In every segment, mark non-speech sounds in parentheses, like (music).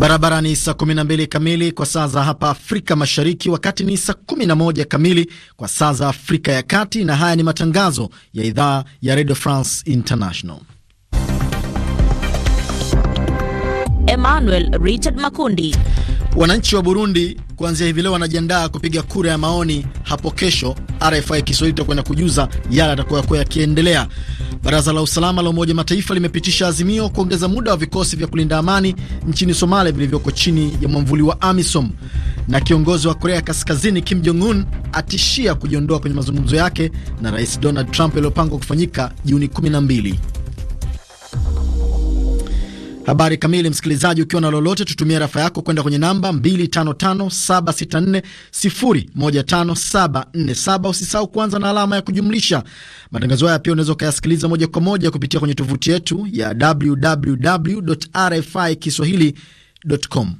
Barabara ni saa 12 kamili kwa saa za hapa Afrika Mashariki, wakati ni saa 11 kamili kwa saa za Afrika ya Kati, na haya ni matangazo ya idhaa ya Radio France International. Emmanuel Richard Makundi Wananchi wa Burundi kuanzia hivi leo wanajiandaa kupiga kura ya maoni hapo kesho. RFI Kiswahili itakwenda kujuza yale atakayokuwa yakiendelea. Baraza la usalama la Umoja Mataifa limepitisha azimio kuongeza muda wa vikosi vya kulinda amani nchini Somalia vilivyoko chini ya mwamvuli wa AMISOM. Na kiongozi wa Korea Kaskazini Kim Jong Un atishia kujiondoa kwenye mazungumzo yake na Rais Donald Trump yaliyopangwa kufanyika Juni 12. Habari kamili, msikilizaji, ukiwa na lolote, tutumia rafa yako kwenda kwenye namba 255764015747. Usisahau kuanza na alama ya kujumlisha. Matangazo haya pia unaweza ukayasikiliza moja kwa moja kupitia kwenye tovuti yetu ya rfi kiswahili.com.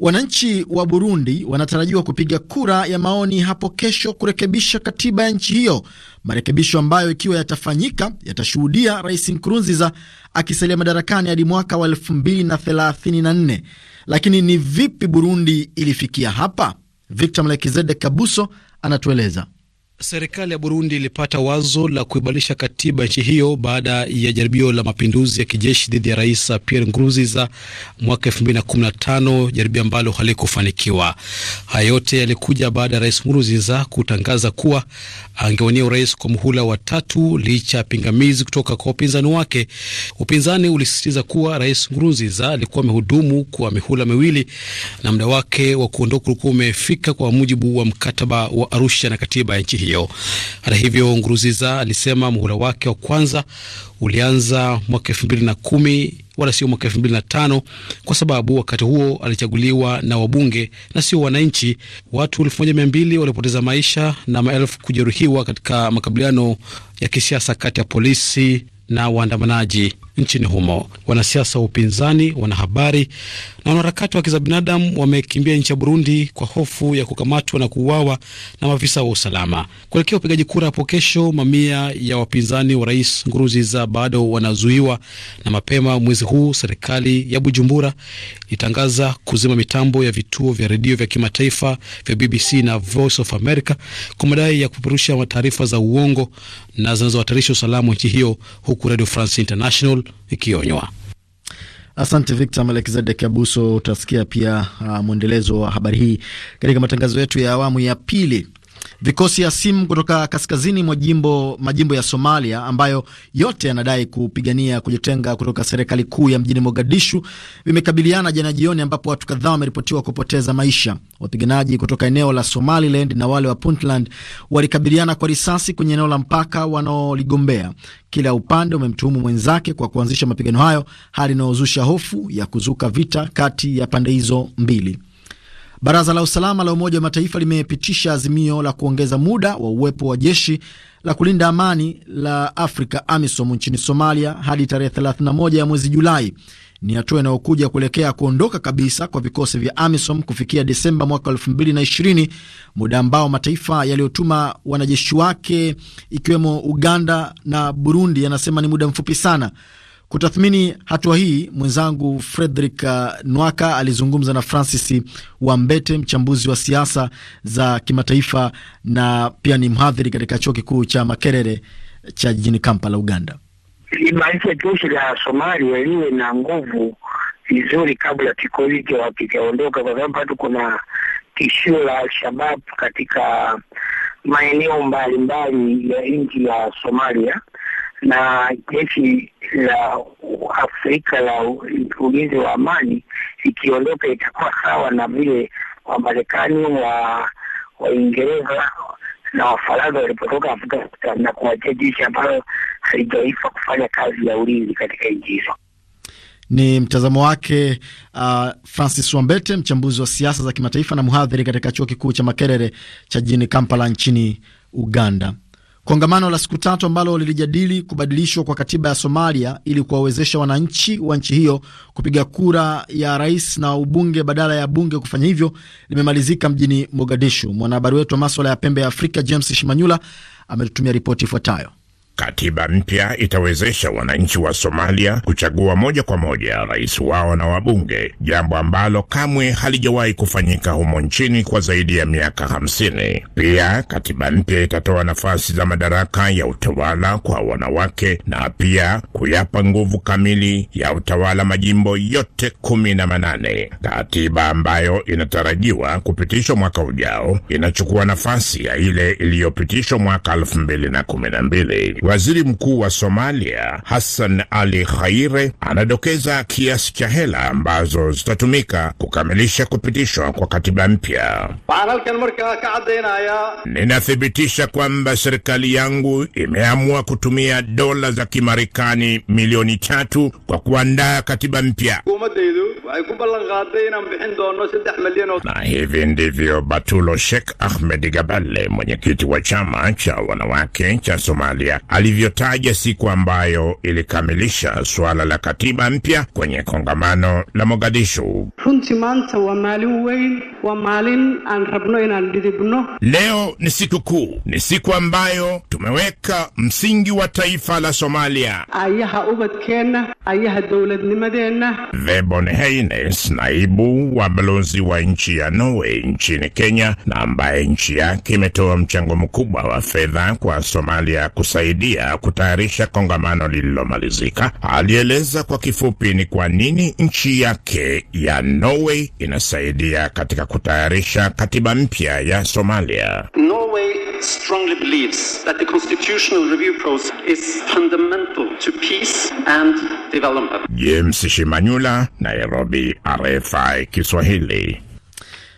Wananchi wa Burundi wanatarajiwa kupiga kura ya maoni hapo kesho kurekebisha katiba ya nchi hiyo, marekebisho ambayo ikiwa yatafanyika yatashuhudia Rais Nkurunziza akisalia madarakani hadi mwaka wa 234 Lakini ni vipi Burundi ilifikia hapa? Victor Mlekizede Kabuso anatueleza. Serikali ya Burundi ilipata wazo la kuibadilisha katiba nchi hiyo baada ya jaribio la mapinduzi ya kijeshi dhidi ya Rais Pierre Nkurunziza mwaka 2015, jaribio ambalo halikufanikiwa. Haya yote yalikuja baada ya Rais Nkurunziza kutangaza kuwa angewania urais kwa muhula wa tatu licha ya pingamizi kutoka kwa upinzani wake. Upinzani ulisisitiza kuwa Rais Nkurunziza alikuwa amehudumu kwa mihula miwili na muda wake wa kuondoka ulikuwa umefika kwa mujibu wa mkataba wa Arusha na katiba ya nchi hiyo hiyo. Hata hivyo, Nguruziza alisema muhula wake wa kwanza ulianza mwaka elfu mbili na kumi wala sio mwaka elfu mbili na tano kwa sababu wakati huo alichaguliwa na wabunge na sio wananchi. Watu elfu moja mia mbili walipoteza maisha na maelfu kujeruhiwa katika makabiliano ya kisiasa kati ya polisi na waandamanaji nchini humo. Wanasiasa wa upinzani, wanahabari na wanaharakati wa haki za binadamu wamekimbia nchi ya Burundi kwa hofu ya kukamatwa na kuuawa na maafisa wa usalama. Kuelekea upigaji kura hapo kesho, mamia ya wapinzani wa rais Nkurunziza bado wanazuiwa, na mapema mwezi huu serikali ya Bujumbura ilitangaza kuzima mitambo ya vituo vya redio vya kimataifa vya BBC na Voice of America kwa madai ya kupeperusha taarifa za uongo na zinazohatarisha usalama wa nchi hiyo, huku Radio France International ikionywa. Asante Victor Melkizedek Abuso. Utasikia pia uh, mwendelezo wa habari hii katika matangazo yetu ya awamu ya pili. Vikosi ya simu kutoka kaskazini mwa jimbo majimbo ya Somalia ambayo yote yanadai kupigania kujitenga kutoka serikali kuu ya mjini Mogadishu vimekabiliana jana jioni, ambapo watu kadhaa wameripotiwa kupoteza maisha. Wapiganaji kutoka eneo la Somaliland na wale wa Puntland walikabiliana kwa risasi kwenye eneo la mpaka wanaoligombea. Kila upande umemtuhumu mwenzake kwa kuanzisha mapigano hayo, hali inayozusha hofu ya kuzuka vita kati ya pande hizo mbili. Baraza la usalama la Umoja wa Mataifa limepitisha azimio la kuongeza muda wa uwepo wa jeshi la kulinda amani la Afrika AMISOM nchini Somalia hadi tarehe 31 ya mwezi Julai. Ni hatua inayokuja kuelekea kuondoka kabisa kwa vikosi vya AMISOM kufikia Desemba mwaka 2020, muda ambao mataifa yaliyotuma wanajeshi wake ikiwemo Uganda na Burundi yanasema ni muda mfupi sana. Kutathmini hatua hii, mwenzangu Frederick uh, Nwaka alizungumza na Francis Wambete, mchambuzi wa siasa za kimataifa na pia ni mhadhiri katika chuo kikuu cha Makerere cha jijini Kampala, Uganda. Imarisha jeshi la Somalia liwe na nguvu vizuri kabla kikosi hicho hakijaondoka, kwa sababu bado kuna tishio la Al-Shabab katika maeneo mbalimbali ya nchi ya Somalia na jeshi la Afrika la ulinzi wa amani ikiondoka, itakuwa sawa na vile Wamarekani wa Waingereza wa na Wafaransa walipotoka Afghanistan na kuachia jeshi ambalo halijaifa kufanya kazi ya ulinzi katika nchi hizo. Ni mtazamo wake uh, Francis Wambete, mchambuzi wa siasa za kimataifa na mhadhiri katika chuo kikuu cha Makerere cha jijini Kampala nchini Uganda. Kongamano la siku tatu ambalo lilijadili kubadilishwa kwa katiba ya Somalia ili kuwawezesha wananchi wa nchi hiyo kupiga kura ya rais na ubunge badala ya bunge kufanya hivyo limemalizika mjini Mogadishu. Mwanahabari wetu wa maswala ya pembe ya Afrika James Shimanyula ametutumia ripoti ifuatayo. Katiba mpya itawezesha wananchi wa Somalia kuchagua moja kwa moja rais wao na wabunge, jambo ambalo kamwe halijawahi kufanyika humo nchini kwa zaidi ya miaka 50. Pia katiba mpya itatoa nafasi za madaraka ya utawala kwa wanawake na pia kuyapa nguvu kamili ya utawala majimbo yote kumi na manane. Katiba ambayo inatarajiwa kupitishwa mwaka ujao inachukua nafasi ya ile iliyopitishwa mwaka mbili. Waziri Mkuu wa Somalia Hassan Ali Khaire anadokeza kiasi cha hela ambazo zitatumika kukamilisha kupitishwa kwa katiba mpya. Ninathibitisha kwamba serikali yangu imeamua kutumia dola za Kimarekani milioni tatu kwa kuandaa katiba mpya. Na hivi ndivyo Batulo Sheikh Ahmed Gabale, mwenyekiti wa chama cha wanawake cha Somalia, alivyotaja siku ambayo ilikamilisha suala la katiba mpya kwenye kongamano la Mogadishu. runti maanta wa maalin weyn, wa maalin aan rabno inaan dhidibno. Leo ni siku kuu, ni siku ambayo tumeweka msingi wa taifa la Somalia. Ayaha ubadkeenna, ayaha dowladnimadeenna. Hey Martinez, naibu wa balozi wa nchi ya Norway nchini Kenya, na ambaye nchi yake imetoa mchango mkubwa wa fedha kwa Somalia kusaidia kutayarisha kongamano lililomalizika, alieleza kwa kifupi ni kwa nini nchi yake ya Norway inasaidia katika kutayarisha katiba mpya ya Somalia. Norway strongly believes that the constitutional review process is fundamental to peace and development. James Shimanyula, Nairobi. Nairobi, RFI Kiswahili.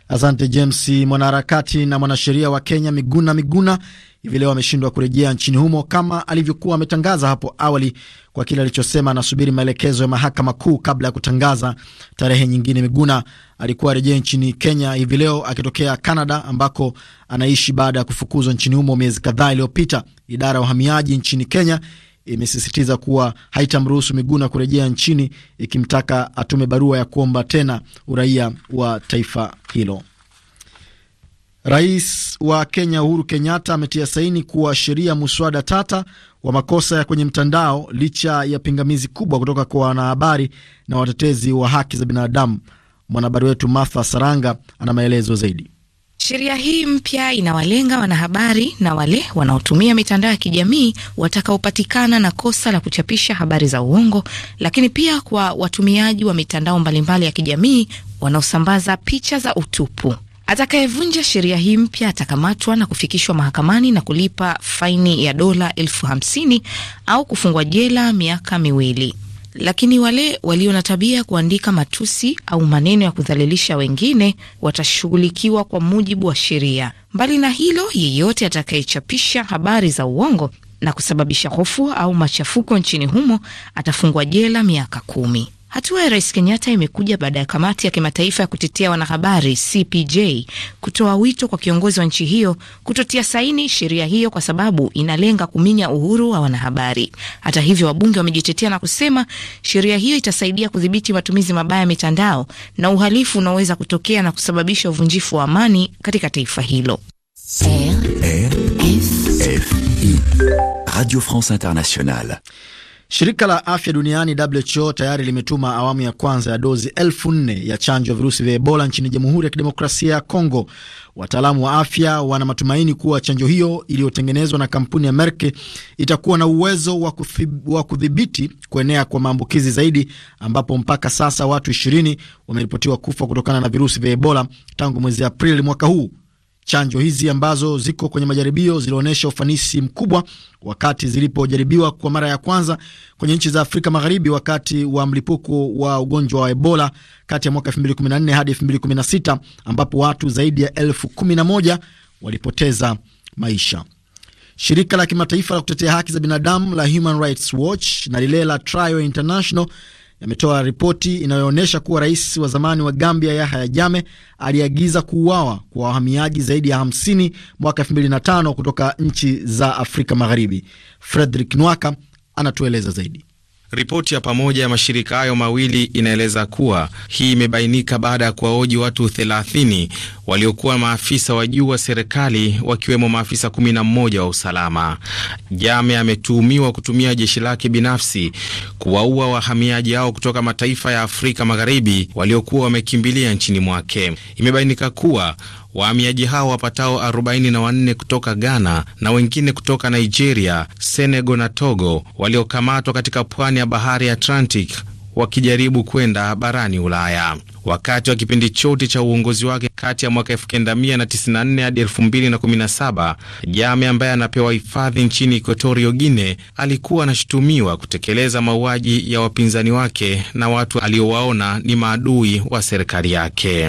Asante James. Mwanaharakati na mwanasheria wa Kenya Miguna Miguna hivi leo ameshindwa kurejea nchini humo kama alivyokuwa ametangaza hapo awali, kwa kile alichosema anasubiri maelekezo ya mahakama kuu kabla ya kutangaza tarehe nyingine. Miguna alikuwa arejea nchini Kenya hivi leo akitokea Canada ambako anaishi baada ya kufukuzwa nchini humo miezi kadhaa iliyopita. Idara ya uhamiaji nchini Kenya imesisitiza kuwa haitamruhusu Miguna kurejea nchini, ikimtaka atume barua ya kuomba tena uraia wa taifa hilo. Rais wa Kenya Uhuru Kenyatta ametia saini kuwa sheria muswada tata wa makosa ya kwenye mtandao licha ya pingamizi kubwa kutoka kwa wanahabari na watetezi wa haki za binadamu. Mwanahabari wetu Martha Saranga ana maelezo zaidi. Sheria hii mpya inawalenga wanahabari na wale wanaotumia mitandao ya kijamii watakaopatikana na kosa la kuchapisha habari za uongo, lakini pia kwa watumiaji wa mitandao mbalimbali ya kijamii wanaosambaza picha za utupu. Atakayevunja sheria hii mpya atakamatwa na kufikishwa mahakamani na kulipa faini ya dola elfu hamsini au kufungwa jela miaka miwili lakini wale walio na tabia ya kuandika matusi au maneno ya kudhalilisha wengine watashughulikiwa kwa mujibu wa sheria. Mbali na hilo, yeyote atakayechapisha habari za uongo na kusababisha hofu au machafuko nchini humo atafungwa jela miaka kumi. Hatua ya Rais Kenyatta imekuja baada ya kamati ya kimataifa ya kutetea wanahabari CPJ kutoa wito kwa kiongozi wa nchi hiyo kutotia saini sheria hiyo kwa sababu inalenga kuminya uhuru wa wanahabari. Hata hivyo, wabunge wamejitetea na kusema sheria hiyo itasaidia kudhibiti matumizi mabaya ya mitandao na uhalifu unaoweza kutokea na kusababisha uvunjifu wa amani katika taifa hilo. Radio France Internationale. Shirika la afya duniani WHO tayari limetuma awamu ya kwanza ya dozi elfu nne ya chanjo ya virusi vya Ebola nchini Jamhuri ya Kidemokrasia ya Kongo. Wataalamu wa afya wana matumaini kuwa chanjo hiyo iliyotengenezwa na kampuni ya Merck itakuwa na uwezo wa kudhibiti kuenea kwa maambukizi zaidi, ambapo mpaka sasa watu ishirini wameripotiwa kufa kutokana na virusi vya Ebola tangu mwezi Aprili mwaka huu. Chanjo hizi ambazo ziko kwenye majaribio zilionyesha ufanisi mkubwa wakati zilipojaribiwa kwa mara ya kwanza kwenye nchi za Afrika Magharibi wakati wa mlipuko wa ugonjwa wa Ebola kati ya mwaka 2014 hadi 2016 ambapo watu zaidi ya elfu kumi na moja walipoteza maisha. Shirika la kimataifa la kutetea haki za binadamu la Human Rights Watch na lile la Trial International yametoa ripoti inayoonyesha kuwa rais wa zamani wa Gambia Yahya Jammeh aliagiza kuuawa kwa wahamiaji zaidi ya 50 mwaka 2005 kutoka nchi za Afrika Magharibi. Frederick Nwaka anatueleza zaidi. Ripoti ya pamoja ya mashirika hayo mawili inaeleza kuwa hii imebainika baada ya kuwaoji watu 30 waliokuwa maafisa wa juu wa serikali wakiwemo maafisa 11 wa usalama. Jame ametuhumiwa kutumia jeshi lake binafsi kuwaua wahamiaji hao kutoka mataifa ya Afrika Magharibi waliokuwa wamekimbilia nchini mwake. Imebainika kuwa Wahamiaji hao wapatao 44 kutoka Ghana na wengine kutoka Nigeria, Senegal na Togo waliokamatwa katika pwani ya bahari ya Atlantic wakijaribu kwenda barani Ulaya. Wakati wa kipindi chote cha uongozi wake kati ya mwaka 1994 hadi 2017, Jame ambaye anapewa hifadhi nchini Equatorio Guine alikuwa anashutumiwa kutekeleza mauaji ya wapinzani wake na watu aliowaona ni maadui wa serikali yake.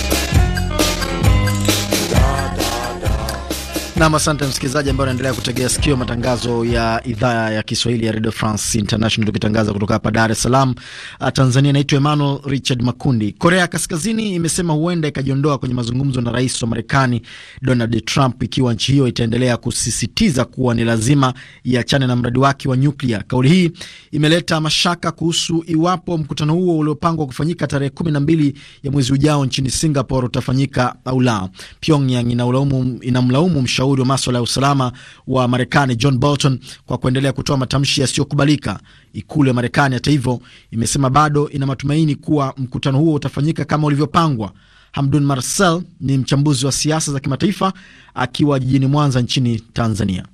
Nam, asante msikilizaji ambaye unaendelea kutegea sikio matangazo ya idhaa ya Kiswahili ya Radio France International, tukitangaza kutoka hapa Dar es Salaam, ah, Tanzania. Naitwa Emmanuel Richard Makundi. Korea Kaskazini imesema huenda ikajiondoa kwenye mazungumzo na rais wa Marekani Donald Trump ikiwa nchi hiyo itaendelea kusisitiza kuwa ni lazima iachane na mradi wake wa nyuklia. Kauli hii imeleta mashaka kuhusu iwapo mkutano huo uliopangwa kufanyika tarehe kumi na mbili ya mwezi ujao nchini Singapore utafanyika au la. Pyongyang inamlaumu mshauri mshauri wa maswala ya usalama wa Marekani John Bolton kwa kuendelea kutoa matamshi yasiyokubalika. Ikulu ya Marekani, hata hivyo, imesema bado ina matumaini kuwa mkutano huo utafanyika kama ulivyopangwa. Hamdun Marcel ni mchambuzi wa siasa za kimataifa akiwa jijini Mwanza nchini Tanzania.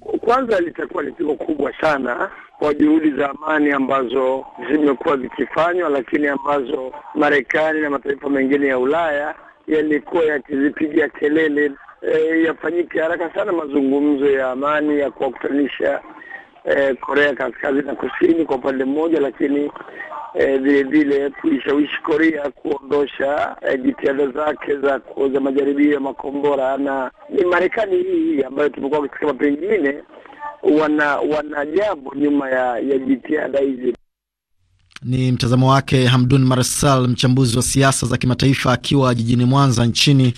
Kwanza litakuwa ni pigo kubwa sana kwa juhudi za amani ambazo zimekuwa zikifanywa, lakini ambazo Marekani na mataifa mengine ya Ulaya yalikuwa yakizipigia kelele e, yafanyike haraka sana mazungumzo ya amani ya kuwakutanisha e, Korea Kaskazini na Kusini kwa upande mmoja, lakini e, vile vile kuishawishi Korea kuondosha e, jitihada zake za kuoza majaribio ya makombora na ni Marekani hii ambayo tumekuwa tukisema pengine wana wana jambo nyuma ya, ya jitihada hizi. Ni mtazamo wake Hamdun Marsal, mchambuzi wa siasa za kimataifa akiwa jijini Mwanza nchini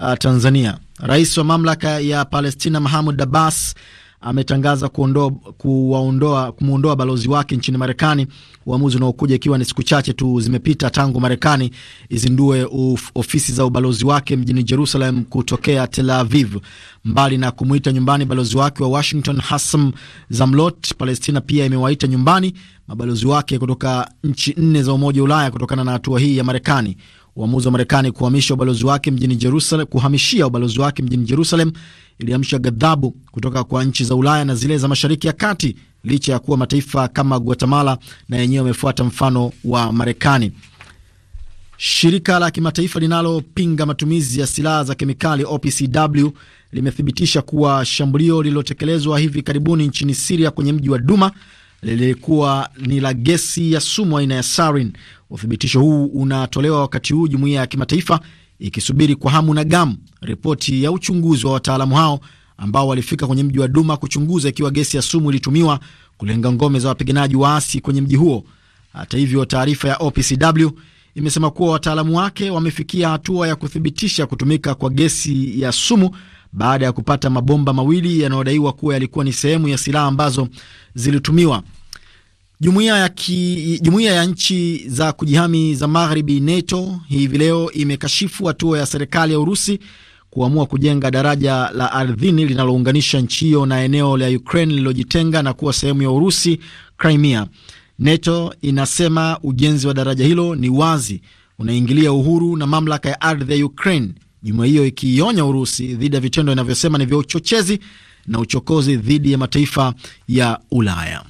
uh, Tanzania. Rais wa mamlaka ya Palestina Mahmud Abbas ametangaza kuwaondoa kumwondoa balozi wake nchini Marekani, uamuzi unaokuja ikiwa ni siku chache tu zimepita tangu Marekani izindue uf, ofisi za ubalozi wake mjini Jerusalem kutokea Tel Aviv. Mbali na kumwita nyumbani balozi wake wa Washington Hassam Zamlot, Palestina pia imewaita nyumbani mabalozi wake kutoka nchi nne za Umoja wa Ulaya kutokana na hatua hii ya Marekani. Uamuzi wa Marekani kuhamisha ubalozi wake mjini Jerusalem, kuhamishia ubalozi wake mjini Jerusalem iliamsha ghadhabu kutoka kwa nchi za Ulaya na zile za Mashariki ya Kati, licha ya kuwa mataifa kama Guatemala na yenyewe yamefuata mfano wa Marekani. Shirika la kimataifa linalopinga matumizi ya silaha za kemikali OPCW limethibitisha kuwa shambulio lililotekelezwa hivi karibuni nchini Siria kwenye mji wa Duma lilikuwa ni la gesi ya sumu aina ya sarin. Uthibitisho huu unatolewa wakati huu jumuiya ya kimataifa ikisubiri kwa hamu na gamu ripoti ya uchunguzi wa wataalamu hao ambao walifika kwenye mji wa Duma kuchunguza ikiwa gesi ya sumu ilitumiwa kulenga ngome za wapiganaji waasi kwenye mji huo. Hata hivyo, taarifa ya OPCW imesema kuwa wataalamu wake wamefikia hatua ya kuthibitisha kutumika kwa gesi ya sumu baada ya kupata mabomba mawili yanayodaiwa kuwa yalikuwa ni sehemu ya silaha ambazo zilitumiwa. Jumuiya ya, ki, jumuiya ya nchi za kujihami za magharibi NATO hivi leo imekashifu hatua ya serikali ya Urusi kuamua kujenga daraja la ardhini linalounganisha nchi hiyo na eneo la Ukraine lililojitenga na kuwa sehemu ya Urusi, Crimea. NATO inasema ujenzi wa daraja hilo ni wazi unaingilia uhuru na mamlaka ya ardhi ya Ukraine juma hiyo ikiionya Urusi dhidi ya vitendo inavyosema ni vya uchochezi na uchokozi dhidi ya mataifa ya Ulaya.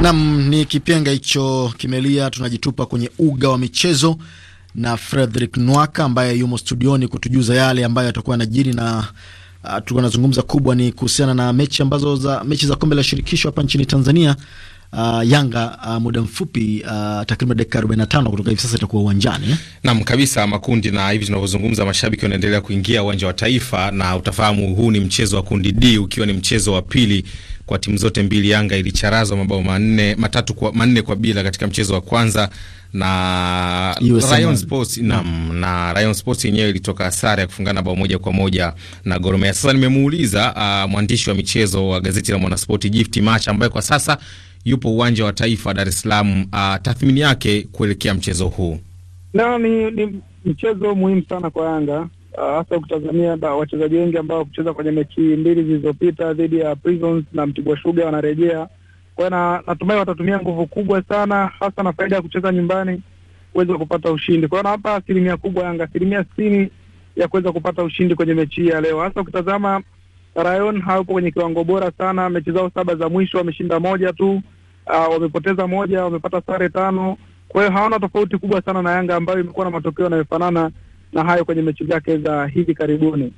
Nam ni kipenga hicho kimelia, tunajitupa kwenye uga wa michezo na Frederick Nwaka ambaye yumo studioni kutujuza yale ambayo yatakuwa yanajiri na uh, tulikuwa nazungumza kubwa ni kuhusiana na mechi ambazo za mechi za kombe la shirikisho hapa nchini Tanzania Uh, Yanga uh, muda mfupi uh, takriban dakika 45 kutoka hivi sasa itakuwa uwanjani. Naam kabisa, makundi na hivi tunavyozungumza, mashabiki wanaendelea kuingia uwanja wa Taifa, na utafahamu huu ni mchezo wa kundi D ukiwa ni mchezo wa pili kwa timu zote mbili. Yanga ilicharazwa mabao manne matatu kwa manne kwa bila katika mchezo wa kwanza na Lion Sports na, mm. na Lion Sports yenyewe ilitoka sare ya kufungana bao moja kwa moja na Gor Mahia. Sasa nimemuuliza uh, mwandishi wa michezo wa gazeti la Mwanaspoti Gift Match ambaye kwa sasa yupo uwanja wa taifa Dar es Salaam. Uh, tathmini yake kuelekea mchezo huu? No, ni, ni mchezo muhimu sana kwa Yanga ah, hasa uh, ukitazamia wachezaji wengi ambao kucheza kwenye mechi mbili zilizopita dhidi ya Prisons na Mtibwa Sugar wanarejea. Kwa hiyo na, natumai watatumia nguvu kubwa sana hasa na faida ya kucheza nyumbani kuweza kupata ushindi. Kwa hiyo nawapa asilimia kubwa Yanga, asilimia sitini ya kuweza kupata ushindi kwenye mechi hii ya leo, hasa ukitazama Rayon hawapo kwenye kiwango bora sana. Mechi zao saba za mwisho wameshinda moja tu, uh, wamepoteza moja, wamepata sare tano. Kwa hiyo hawana tofauti kubwa sana na Yanga ambayo imekuwa na matokeo yanayofanana na hayo kwenye mechi zake za hivi karibuni.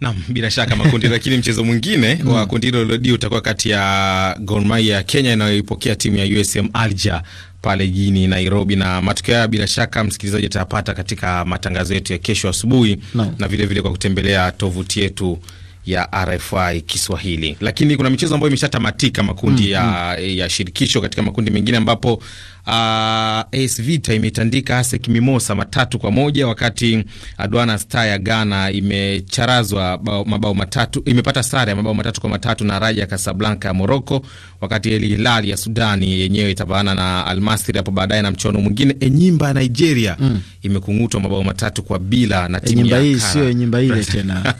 Naam, bila shaka makundi. Lakini (laughs) mchezo mwingine mm, wa kundi hilo lodi utakuwa kati ya Gor Mahia ya Kenya inayoipokea timu ya USM Alger pale jijini Nairobi, na matokeo haya bila shaka msikilizaji atayapata katika matangazo yetu ya kesho asubuhi na vilevile vile kwa kutembelea tovuti yetu ya RFI Kiswahili. Lakini kuna michezo ambayo imeshatamatika makundi mm -hmm. ya, mm. ya shirikisho katika makundi mengine ambapo uh, AS Vita imetandika ASEC Mimosa matatu kwa moja wakati Aduana Star ya Ghana imecharazwa mabao matatu, imepata sare ya mabao matatu kwa matatu na Raja Casablanca ya Morocco, wakati El Hilal ya Sudani yenyewe itapaana na Al Masry hapo baadaye, na mchono mwingine Enyimba ya Nigeria mm. imekung'utwa mabao matatu kwa bila na e, timu ya hii sio Enyimba ile (laughs) tena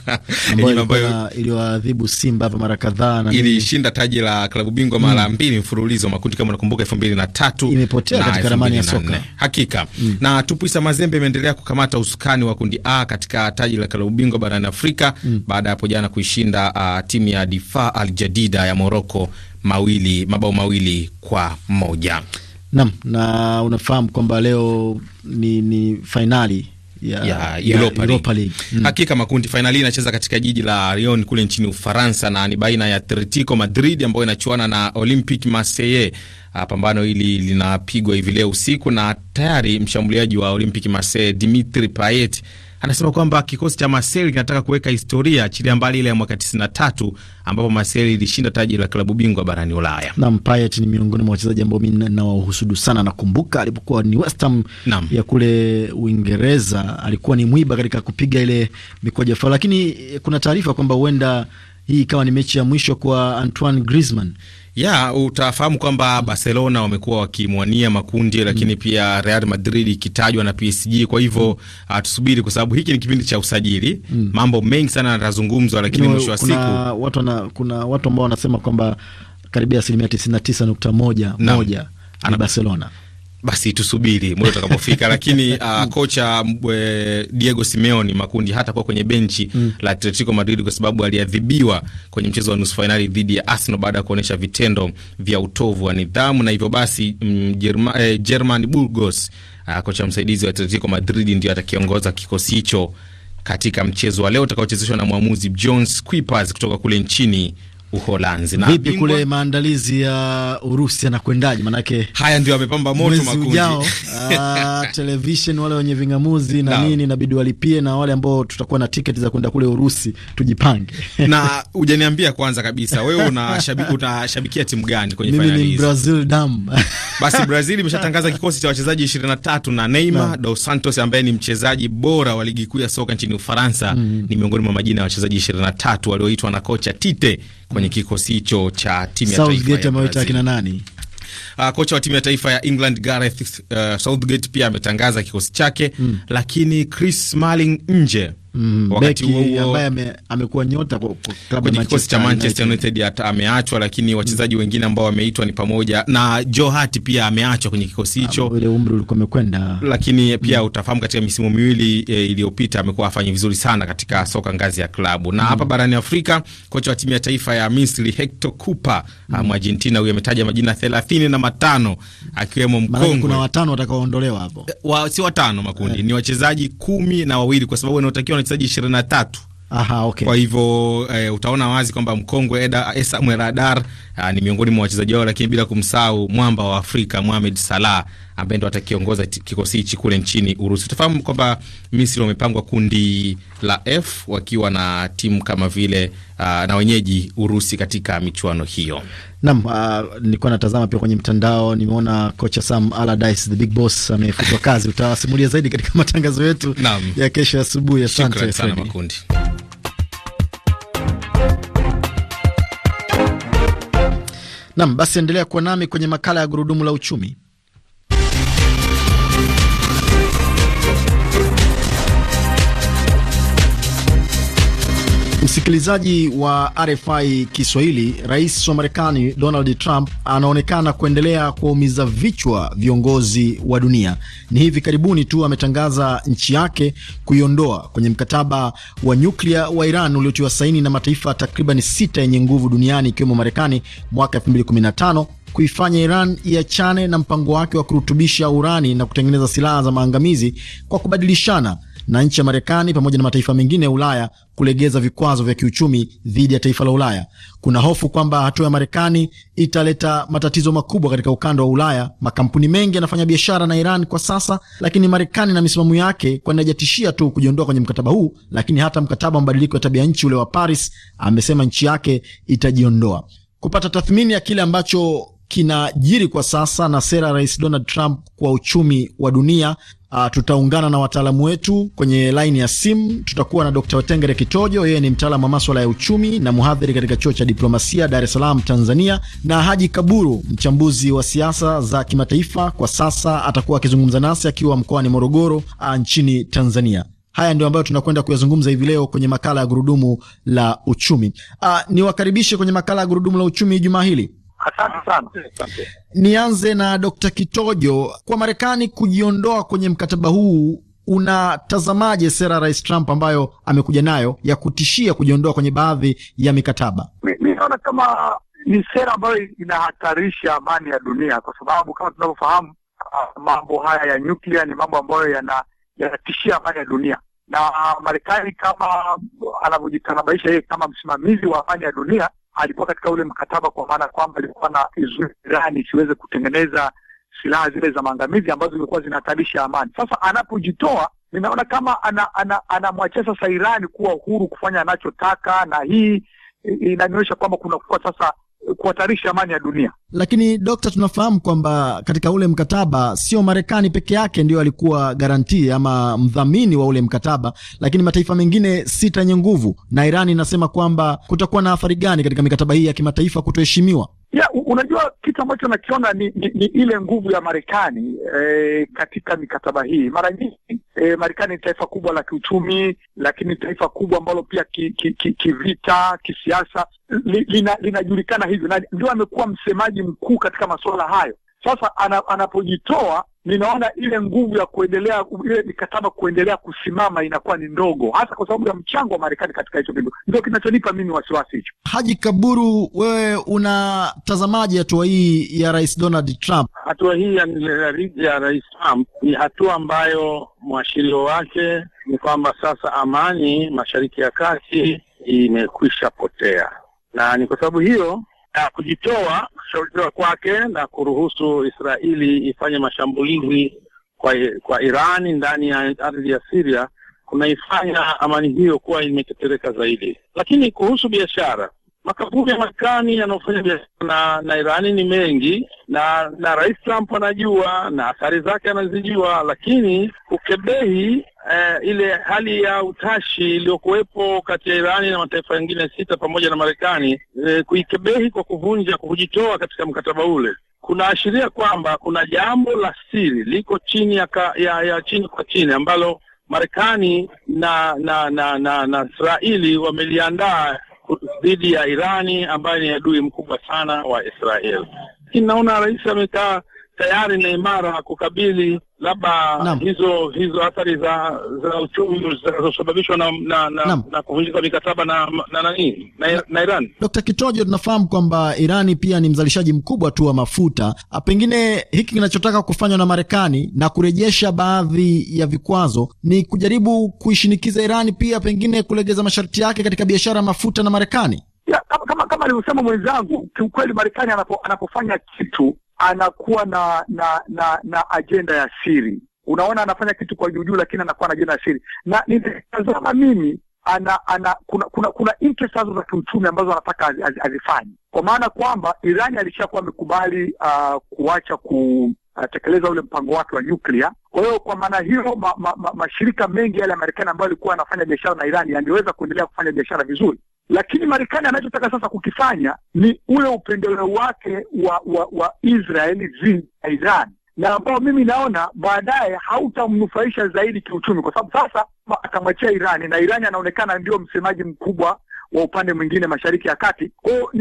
ambayo iliwaadhibu Simba hapa mara kadhaa na ilishinda taji la klabu bingwa mara mm. mbili mfululizo makundi kama unakumbuka 2003 kupotea katika ramani ya soka hakika. Mm. Na Tupuisa Mazembe imeendelea kukamata usukani wa kundi A katika taji la klabu bingwa barani Afrika mm. baada ya hapo jana kuishinda uh, timu ya Difa Al Jadida ya Moroko mawili mabao mawili kwa moja. Naam, na unafahamu kwamba leo ni, ni fainali ya, ya Europa, Europa League. League. Mm. Hakika makundi fainali inacheza katika jiji la Lyon kule nchini Ufaransa na ni baina ya Atletico Madrid ambayo inachuana na olympic Marseille. Ah, pambano hili linapigwa hivi leo usiku na tayari mshambuliaji wa olympic Marseille Dimitri Payet anasema kwamba kikosi cha Marseille kinataka kuweka historia, chilia mbali ile ya mwaka 93 ambapo Marseille ilishinda taji la klabu bingwa barani Ulaya. Na Payet ni miongoni mwa wachezaji ambao mimi nawahusudu sana. Nakumbuka alipokuwa ni West Ham ya kule Uingereza, alikuwa ni mwiba katika kupiga ile mikoja ya faul, lakini eh, kuna taarifa kwamba huenda hii ikawa ni mechi ya mwisho kwa Antoine Griezmann ya utafahamu kwamba Barcelona wamekuwa wakimwania makundi, lakini mm. pia Real Madrid ikitajwa na PSG. Kwa hivyo mm. uh, tusubiri, kwa sababu hiki ni kipindi cha usajili mm. mambo mengi sana yanazungumzwa, lakini mwisho wa siku watu na, kuna watu ambao wanasema kwamba karibia asilimia tisini na tisa nukta moja moja ni Barcelona basi tusubiri muda utakapofika. (laughs) Lakini uh, kocha mbwe, Diego Simeone makundi hata kwa kwenye benchi mm. la Atletico Madrid kwa sababu aliadhibiwa kwenye mchezo wa nusu fainali dhidi ya Arsenal baada ya kuonyesha vitendo vya utovu wa nidhamu, na hivyo basi mm, eh, German Burgos uh, kocha msaidizi wa Atletico Madrid ndio atakiongoza kikosi hicho katika mchezo wa leo utakaochezeshwa na mwamuzi Jones Quipers kutoka kule nchini Uholanzi. Na vipi kule maandalizi ya Urusi yanakwendaje? Manake haya ndio yamepamba moto makundi ujao. Uh, (laughs) television wale wenye vingamuzi na nini inabidi walipie, na wale ambao tutakuwa na tiketi za kwenda kule Urusi tujipange. (laughs) na hujaniambia kwanza kabisa wewe unashabiki utashabikia timu gani kwenye finali hizi? Mimi ni Brazil dam. (laughs) Basi Brazil imeshatangaza kikosi cha wachezaji 23 na Neymar na dos Santos ambaye ni mchezaji bora wa ligi kuu ya soka nchini Ufaransa mm. ni miongoni mwa majina ya wachezaji 23 walioitwa na kocha Tite kwenye mm. kikosi hicho cha timu ya taifa ambayo itakina nani? Uh, kocha wa timu ya taifa ya England Gareth uh, Southgate pia ametangaza kikosi chake mm. Lakini Chris Smalling nje Mm, wakati huo ambaye amekuwa nyota kwenye kikosi cha Manchester United ameachwa, lakini wachezaji mm, wengine ambao wameitwa ni pamoja na Joe Hart pia ameachwa kwenye kikosi hicho, ule umri ulikuwa umekwenda, lakini pia mm, utafahamu katika misimu miwili e, iliyopita amekuwa afanyi vizuri sana katika soka ngazi ya klabu na mm, hapa barani Afrika, kocha wa timu ya taifa ya Misri Hector Cuper mm, um, Argentina, huyo ametaja majina thelathini na matano akiwemo mkongwe. Kuna watano watakaoondolewa hapo, wa, si watano makundi yeah, ni wachezaji kumi na wawili kwa sababu wanaotakiwa wachezaji 23. Aha, okay. Kwa hivyo e, utaona wazi kwamba mkongwe Eda eh, Samuel Adar ah, ni miongoni mwa wachezaji wao, lakini bila kumsahau mwamba wa Afrika Mohamed Salah ambaye ndo atakiongoza kikosi hichi kule nchini Urusi. Utafahamu kwamba Misri wamepangwa kundi la F wakiwa na timu kama vile uh, na wenyeji Urusi katika michuano hiyo. Naam, uh, nilikuwa natazama pia kwenye mtandao, nimeona kocha Sam Allardyce the big boss amefutwa kazi. Utawasimulia zaidi katika (laughs) matangazo yetu ya kesho asubuhi. Asante sana Makundi. Naam, basi endelea kuwa nami kwenye makala ya gurudumu la uchumi. Msikilizaji wa RFI Kiswahili, rais wa Marekani Donald Trump anaonekana kuendelea kuwaumiza vichwa viongozi wa dunia. Ni hivi karibuni tu ametangaza nchi yake kuiondoa kwenye mkataba wa nyuklia wa Iran uliotiwa saini na mataifa takriban sita yenye nguvu duniani ikiwemo Marekani mwaka 2015 kuifanya Iran iachane na mpango wake wa kurutubisha urani na kutengeneza silaha za maangamizi kwa kubadilishana na nchi ya Marekani pamoja na mataifa mengine ya Ulaya kulegeza vikwazo vya kiuchumi dhidi ya taifa la Ulaya. Kuna hofu kwamba hatua ya Marekani italeta matatizo makubwa katika ukanda wa Ulaya. Makampuni mengi yanafanya biashara na Iran kwa sasa, lakini Marekani na misimamo yake, kwani hajatishia tu kujiondoa kwenye mkataba huu, lakini hata mkataba wa mabadiliko ya tabia nchi ule wa Paris, amesema nchi yake itajiondoa. Kupata tathmini ya kile ambacho kinajiri kwa sasa na sera ya Rais Donald Trump kwa uchumi wa dunia. Uh, tutaungana na wataalamu wetu kwenye laini ya simu. Tutakuwa na Dr. Wetengere Kitojo, yeye ni mtaalamu wa maswala ya uchumi na mhadhiri katika chuo cha diplomasia Dar es Salaam, Tanzania, na Haji Kaburu, mchambuzi wa siasa za kimataifa. Kwa sasa atakuwa akizungumza nasi akiwa mkoani Morogoro, uh, nchini Tanzania. Haya ndio ambayo tunakwenda kuyazungumza hivi leo kwenye makala ya gurudumu la uchumi. Uh, niwakaribishe kwenye makala ya gurudumu la uchumi jumaa hili. Asante ah, sana. Nianze na Dkt. Kitojo, kwa Marekani kujiondoa kwenye mkataba huu unatazamaje sera ya Rais Trump ambayo amekuja nayo ya kutishia kujiondoa kwenye baadhi ya mikataba? Mi naona kama ni sera ambayo inahatarisha amani ya dunia, kwa sababu kama tunavyofahamu, ah, mambo haya ya nyuklia ni mambo ambayo yanatishia yana amani ya dunia, na Marekani kama anavyojitanabaisha yeye kama msimamizi wa amani ya dunia alikuwa katika ule mkataba, kwa maana kwamba alikuwa na izuia Irani isiweze kutengeneza silaha zile za maangamizi ambazo zilikuwa zinahatarisha amani. Sasa anapojitoa ninaona kama anamwachia ana, ana sasa Irani kuwa uhuru kufanya anachotaka, na hii eh, inanionyesha kwamba kunakuwa sasa kuhatarisha amani ya dunia. Lakini dokta, tunafahamu kwamba katika ule mkataba sio Marekani peke yake ndiyo alikuwa garantii ama mdhamini wa ule mkataba, lakini mataifa mengine sita yenye nguvu, na Irani inasema kwamba kutakuwa na athari gani katika mikataba hii ya kimataifa kutoheshimiwa? ya, unajua kitu ambacho nakiona ni, ni, ni ile nguvu ya Marekani e, katika mikataba hii. Mara nyingi e, Marekani ni taifa kubwa la kiuchumi, lakini taifa kubwa ambalo pia kivita ki, ki, ki kisiasa linajulikana lina hivyo, na ndio amekuwa msemaji mkuu katika masuala hayo. Sasa ana, anapojitoa ninaona ile nguvu ya kuendelea ile mikataba kuendelea kusimama inakuwa ni ndogo, hasa kwa sababu ya mchango wa Marekani katika hicho kitu. Ndio kinachonipa mimi wasiwasi hicho. Haji Kaburu, wewe unatazamaje hatua hii ya Rais Donald Trump? Hatua hii ya, ya Rais Trump ni hatua ambayo mwashirio wake ni kwamba sasa amani Mashariki ya Kati imekwisha potea, na ni kwa sababu hiyo ya kujitoa kushauriwa kwake na kuruhusu Israeli ifanye mashambulizi kwa, kwa Irani ndani ya ardhi ya Syria kunaifanya amani hiyo kuwa imetetereka zaidi. Lakini kuhusu biashara Makampuni ya Marekani yanayofanya biashara na, na Irani ni mengi na na Rais Trump anajua na athari zake anazijua, lakini ukebehi eh, ile hali ya utashi iliyokuwepo kati ya Irani na mataifa mengine sita pamoja na Marekani eh, kuikebehi kwa kuvunja kwa kujitoa katika mkataba ule kunaashiria kwamba kuna jambo la siri liko chini ya, ka, ya, ya chini kwa chini ambalo Marekani na na na na, na Israeli wameliandaa dhidi ya Irani ambaye ni adui mkubwa sana wa Israel. Lakini naona rais amekaa tayari na imara kukabili labda hizo hizo athari za za uchumi zinazosababishwa na na, na, na kuvunjika mikataba na na nani na, na, na Iran. Dr. Kitojo, tunafahamu kwamba Irani pia ni mzalishaji mkubwa tu wa mafuta. A, ah, pengine hiki kinachotaka kufanywa na Marekani na kurejesha baadhi ya vikwazo ni kujaribu kuishinikiza Irani pia pengine kulegeza masharti yake katika biashara ya mafuta na Marekani. Ya, kama kama, kama alivyosema mwenzangu, kiukweli Marekani anapo, anapofanya kitu anakuwa na na na, na ajenda ya siri. Unaona, anafanya kitu kwa juujuu, lakini anakuwa na ajenda ya siri, na nitazama mimi ana, ana kuna kuna kuna interest za kiuchumi ambazo anataka azifanye, kwa maana kwamba Irani alishakuwa amekubali uh, kuacha kutekeleza uh, ule mpango wake wa nyuklia. Kwa hiyo kwa maana hiyo mashirika ma, ma, ma mengi yale ya Marekani ambayo alikuwa yanafanya biashara na Irani yangeweza kuendelea kufanya biashara vizuri, lakini Marekani anachotaka sasa kukifanya ni ule upendeleo wake wa wa, wa Israeli dhidi ya Iran na ambao mimi naona baadaye hautamnufaisha zaidi kiuchumi, kwa sababu sasa atamwachia Irani na Irani anaonekana ndio msemaji mkubwa wa upande mwingine mashariki ya kati. kwao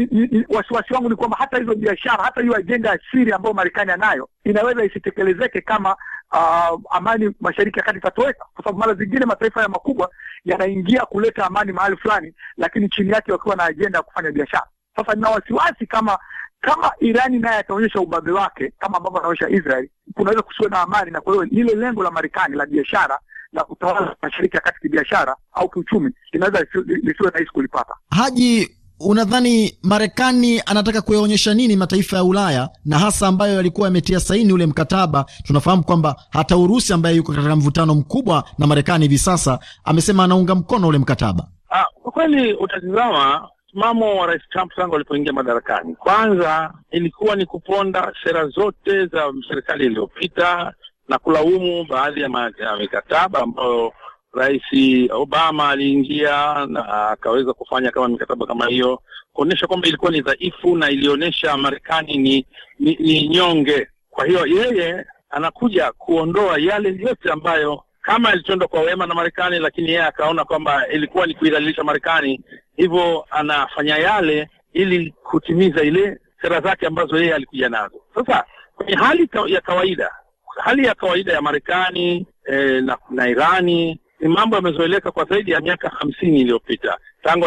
wasiwasi wangu ni kwamba hata hizo biashara, hata hiyo ajenda ya siri ambayo Marekani anayo inaweza isitekelezeke kama uh, amani Mashariki ya Kati itatoweka, kwa sababu mara zingine mataifa haya makubwa yanaingia kuleta amani mahali fulani, lakini chini yake wakiwa na ajenda ya kufanya biashara. Sasa nina wasiwasi kama kama Irani naye ataonyesha ubabe wake kama ambavyo anaonyesha Israel, kunaweza kusiwe na amani, na kwa hiyo lile lengo la Marekani la biashara la kutawala Mashariki ya Kati kibiashara au kiuchumi linaweza lisiwe rahisi kulipata. Haji unadhani Marekani anataka kuyaonyesha nini mataifa ya Ulaya na hasa ambayo yalikuwa yametia saini ule mkataba? Tunafahamu kwamba hata Urusi ambaye yuko katika mvutano mkubwa na Marekani hivi sasa amesema anaunga mkono ule mkataba. Ah, kwa kweli utatizama msimamo wa Rais Trump tangu alipoingia madarakani, kwanza ilikuwa ni kuponda sera zote za serikali iliyopita na kulaumu baadhi ya mikataba ambayo Rais Obama aliingia na akaweza kufanya kama mikataba kama hiyo, kuonyesha kwamba ilikuwa ni dhaifu na ilionyesha Marekani ni, ni, ni nyonge. Kwa hiyo yeye anakuja kuondoa yale yote ambayo kama ilitendwa kwa wema na Marekani, lakini yeye akaona kwamba ilikuwa ni kuidhalilisha Marekani, hivyo anafanya yale ili kutimiza ile sera zake ambazo yeye alikuja nazo. Sasa kwenye hali ya kawaida, hali ya kawaida ya Marekani eh, na, na Irani ni mambo yamezoeleka kwa zaidi ya miaka hamsini iliyopita tangu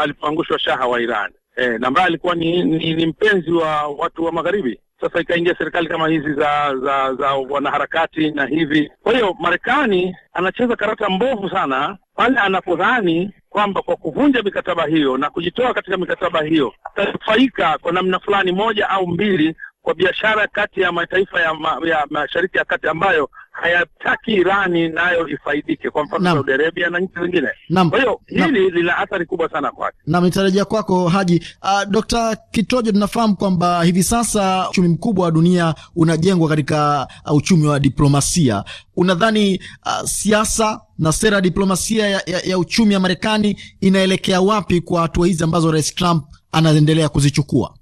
alipoangushwa shaha wa Iran e, na ambaye alikuwa ni, ni, ni mpenzi wa watu wa magharibi. Sasa ikaingia serikali kama hizi za za za wanaharakati na hivi. Kwa hiyo Marekani anacheza karata mbovu sana pale anapodhani kwamba kwa kuvunja mikataba hiyo na kujitoa katika mikataba hiyo atanufaika kwa namna fulani moja au mbili kwa biashara kati ya mataifa ya, ma, ya Mashariki ya Kati ambayo hayataki Irani nayo ifaidike, kwa mfano Saudi Arabia na nchi zingine. Kwa hiyo hili lina athari kubwa sana kwake. Na nitarejea kwako Haji. Uh, ah, Dr. Kitojo, tunafahamu kwamba hivi sasa uchumi mkubwa wa dunia unajengwa katika ah, uchumi wa diplomasia. Unadhani uh, siasa na sera ya diplomasia ya, ya, ya uchumi ya Marekani inaelekea wapi kwa hatua hizi ambazo Rais Trump anaendelea kuzichukua?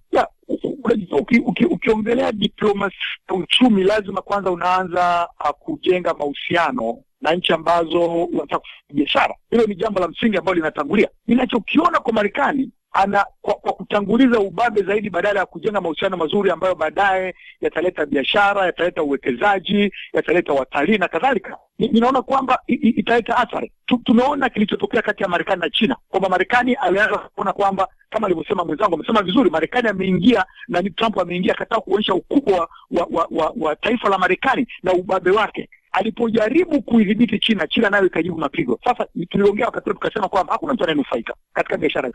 ukiongelea uki, uki diplomasia ya uchumi, lazima kwanza unaanza ah, kujenga mahusiano na nchi ambazo unataka kufanya biashara. Hilo ni jambo la msingi ambalo linatangulia. Ninachokiona kwa Marekani ana kwa, kwa kutanguliza ubabe zaidi badala ya kujenga mahusiano mazuri ambayo baadaye yataleta biashara, yataleta uwekezaji, yataleta watalii na kadhalika. Ninaona kwamba italeta athari. Tumeona kilichotokea kati ya Marekani na China, kwamba Marekani alianza kuona kwamba kama alivyosema mwenzangu, amesema vizuri, Marekani ameingia na Trump ameingia, akataka kuonyesha ukubwa wa, wa, wa, wa taifa la Marekani na ubabe wake alipojaribu kuidhibiti China, China nayo ikajibu mapigo. Sasa tuliongea wakati ule tukasema kwamba hakuna mtu anayenufaika katika biashara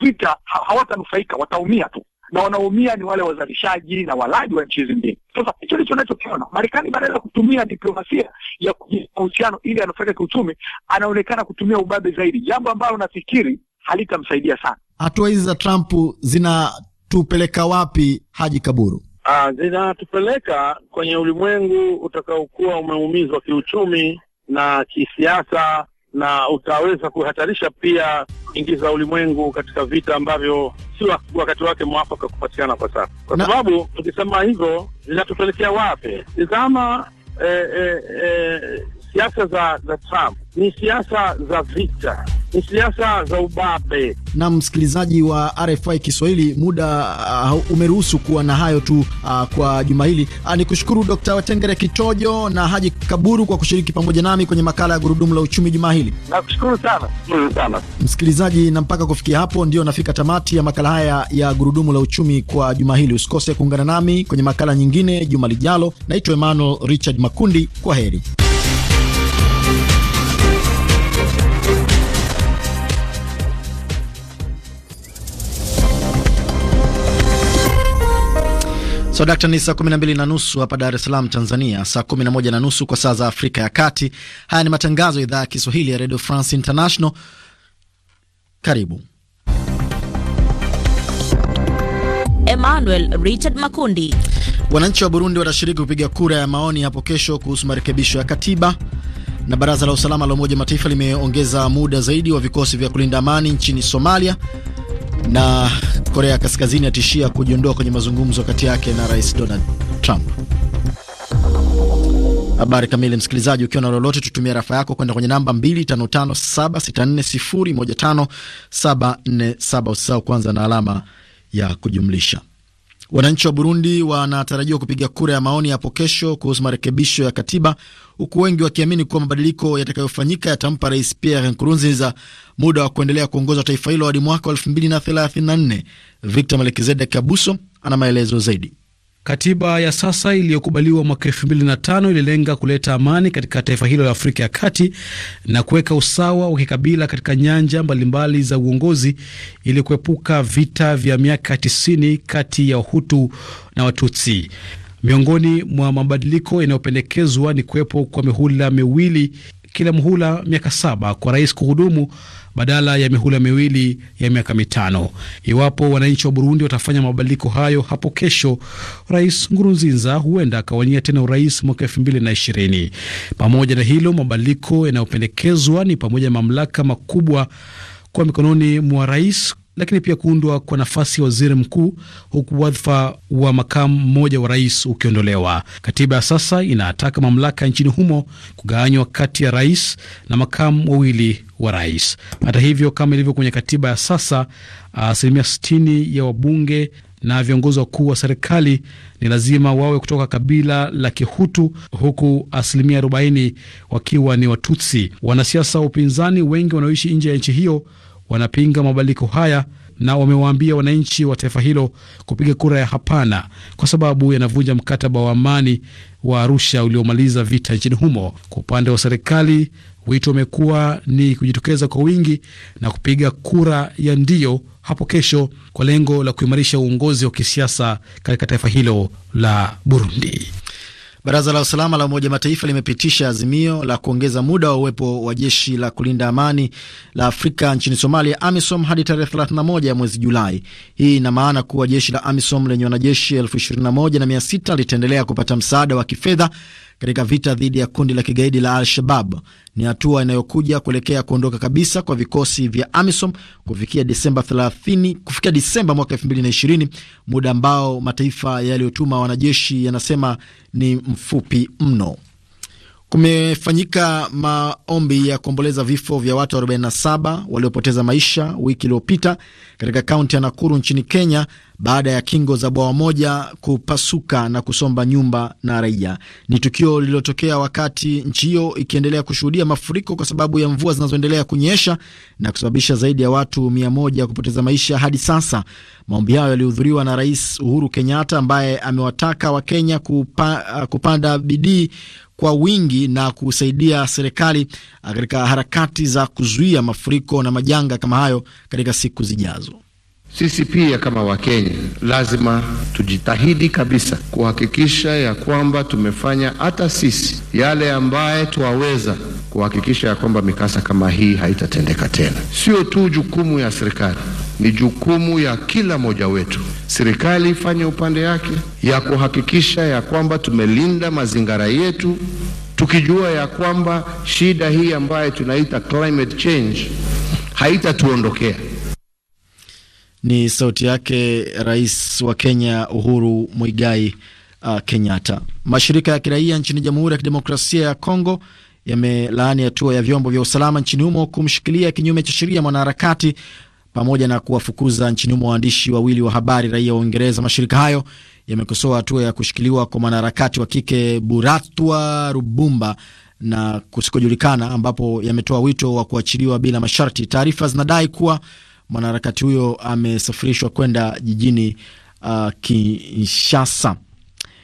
vita, ha hawatanufaika, wataumia tu na wanaumia ni wale wazalishaji na walaji wa nchi hizi mbili. Sasa hicho ndicho nachokiona. Marekani badala ya kutumia diplomasia ya mahusiano ili anufaika kiuchumi, anaonekana kutumia ubabe zaidi, jambo ambalo nafikiri halitamsaidia sana. Hatua hizi za Trump zinatupeleka wapi, Haji Kaburu? Uh, zinatupeleka kwenye ulimwengu utakaokuwa umeumizwa kiuchumi na kisiasa na utaweza kuhatarisha pia kuingiza ulimwengu katika vita ambavyo si wakati wake mwafaka kupatikana kwa sasa, kwa sababu tukisema hivyo zinatupelekea wapi? Tizama eh, eh, eh, siasa za, za Trump ni siasa za vita, ni siasa za ubabe. Na msikilizaji wa RFI Kiswahili, muda uh, umeruhusu kuwa na hayo tu uh, kwa juma hili uh, ni kushukuru d Watengere Kitojo na Haji Kaburu kwa kushiriki pamoja nami kwenye makala ya gurudumu la uchumi juma hili. Nakushukuru sana, sana msikilizaji, na mpaka kufikia hapo ndio nafika tamati ya makala haya ya gurudumu la uchumi kwa juma hili. Usikose kuungana nami kwenye makala nyingine juma lijalo. Naitwa Emmanuel Richard Makundi, kwa heri. So, dakta ni saa 12 na nusu hapa Dar es Salaam, Tanzania, saa 11 na nusu kwa saa za Afrika ya Kati. Haya ni matangazo ya idhaa ya Kiswahili ya Radio France International. Karibu Emmanuel Richard Makundi. Wananchi wa Burundi watashiriki kupiga kura ya maoni hapo kesho kuhusu marekebisho ya katiba na baraza la usalama la Umoja Mataifa limeongeza muda zaidi wa vikosi vya kulinda amani nchini Somalia na Korea Kaskazini atishia kujiondoa kwenye mazungumzo kati yake na Rais Donald Trump. Habari kamili, msikilizaji, ukiwa na lolote, tutumia rafa yako kwenda kwenye namba 255764015747. Usisahau kwanza na alama ya kujumlisha. Wananchi wa Burundi wanatarajiwa kupiga kura ya maoni hapo kesho kuhusu marekebisho ya katiba, huku wengi wakiamini kuwa mabadiliko yatakayofanyika yatampa Rais Pierre Nkurunziza muda wa kuendelea kuongoza taifa hilo hadi mwaka wa 2034. Victor Melkizedek Abuso ana maelezo zaidi. Katiba ya sasa iliyokubaliwa mwaka tano ililenga kuleta amani katika taifa hilo la Afrika ya Kati na kuweka usawa wa kikabila katika nyanja mbalimbali za uongozi ili kuepuka vita vya miaka 90 kati ya Wahutu na Watutsi. Miongoni mwa mabadiliko yanayopendekezwa ni kuwepo kwa mihula miwili, kila mhula miaka saba kwa rais kuhudumu badala ya mihula miwili ya miaka mitano. Iwapo wananchi wa Burundi watafanya mabadiliko hayo hapo kesho, Rais Ngurunzinza huenda akawania tena urais mwaka elfu mbili na ishirini. Pamoja na hilo, mabadiliko yanayopendekezwa ni pamoja na mamlaka makubwa kwa mikononi mwa rais lakini pia kuundwa kwa nafasi ya waziri mkuu, huku wadhifa wa makamu mmoja wa rais ukiondolewa. Katiba ya sasa inataka mamlaka nchini humo kugawanywa kati ya rais na makamu wawili wa rais. Hata hivyo, kama ilivyo kwenye katiba ya sasa, asilimia 60 ya wabunge na viongozi wakuu wa serikali ni lazima wawe kutoka kabila la Kihutu, huku asilimia 40 wakiwa ni Watutsi. Wanasiasa wa upinzani wengi wanaoishi nje ya nchi hiyo wanapinga mabadiliko haya na wamewaambia wananchi wa taifa hilo kupiga kura ya hapana kwa sababu yanavunja mkataba wa amani wa Arusha uliomaliza vita nchini humo. Kwa upande wa serikali, wito umekuwa ni kujitokeza kwa wingi na kupiga kura ya ndio hapo kesho kwa lengo la kuimarisha uongozi wa kisiasa katika taifa hilo la Burundi. Baraza la usalama la Umoja Mataifa limepitisha azimio la kuongeza muda wa uwepo wa jeshi la kulinda amani la Afrika nchini Somalia, AMISOM, hadi tarehe 31 ya mwezi Julai. Hii ina maana kuwa jeshi la AMISOM lenye wanajeshi 21 na 6 litaendelea kupata msaada wa kifedha katika vita dhidi ya kundi la kigaidi la Al-Shabab ni hatua inayokuja kuelekea kuondoka kabisa kwa vikosi vya AMISOM kufikia Disemba 30, kufikia Disemba mwaka 2020, muda ambao mataifa yaliyotuma wanajeshi yanasema ni mfupi mno. Kumefanyika maombi ya kuomboleza vifo vya watu 47 waliopoteza maisha wiki iliyopita katika kaunti ya Nakuru nchini Kenya baada ya kingo za bwawa moja kupasuka na kusomba nyumba na raia. Ni tukio lililotokea wakati nchi hiyo ikiendelea kushuhudia mafuriko kwa sababu ya mvua zinazoendelea kunyesha na kusababisha zaidi ya watu mia moja kupoteza maisha hadi sasa. Maombi hayo yalihudhuriwa na Rais Uhuru Kenyatta ambaye amewataka Wakenya kupa, kupanda bidii kwa wingi na kusaidia serikali katika harakati za kuzuia mafuriko na majanga kama hayo katika siku zijazo. Sisi pia kama Wakenya lazima tujitahidi kabisa kuhakikisha ya kwamba tumefanya hata sisi yale ambaye twaweza kuhakikisha ya kwamba mikasa kama hii haitatendeka tena. Sio tu jukumu ya serikali, ni jukumu ya kila mmoja wetu. Serikali ifanye upande yake ya kuhakikisha ya kwamba tumelinda mazingira yetu, tukijua ya kwamba shida hii ambayo tunaita climate change haitatuondokea ni sauti yake Rais wa Kenya Uhuru Muigai uh, Kenyatta. Mashirika ya kiraia nchini Jamhuri ya Kidemokrasia ya Kongo yamelaani hatua ya vyombo vya usalama nchini humo kumshikilia kinyume cha sheria mwanaharakati pamoja na kuwafukuza nchini humo waandishi wawili wa habari raia wa Uingereza. Mashirika hayo yamekosoa hatua ya kushikiliwa kwa mwanaharakati wa kike Buratwa Rubumba na kusikojulikana, ambapo yametoa wito wa kuachiliwa bila masharti. Taarifa zinadai kuwa Mwanaharakati huyo amesafirishwa kwenda jijini uh, Kinshasa.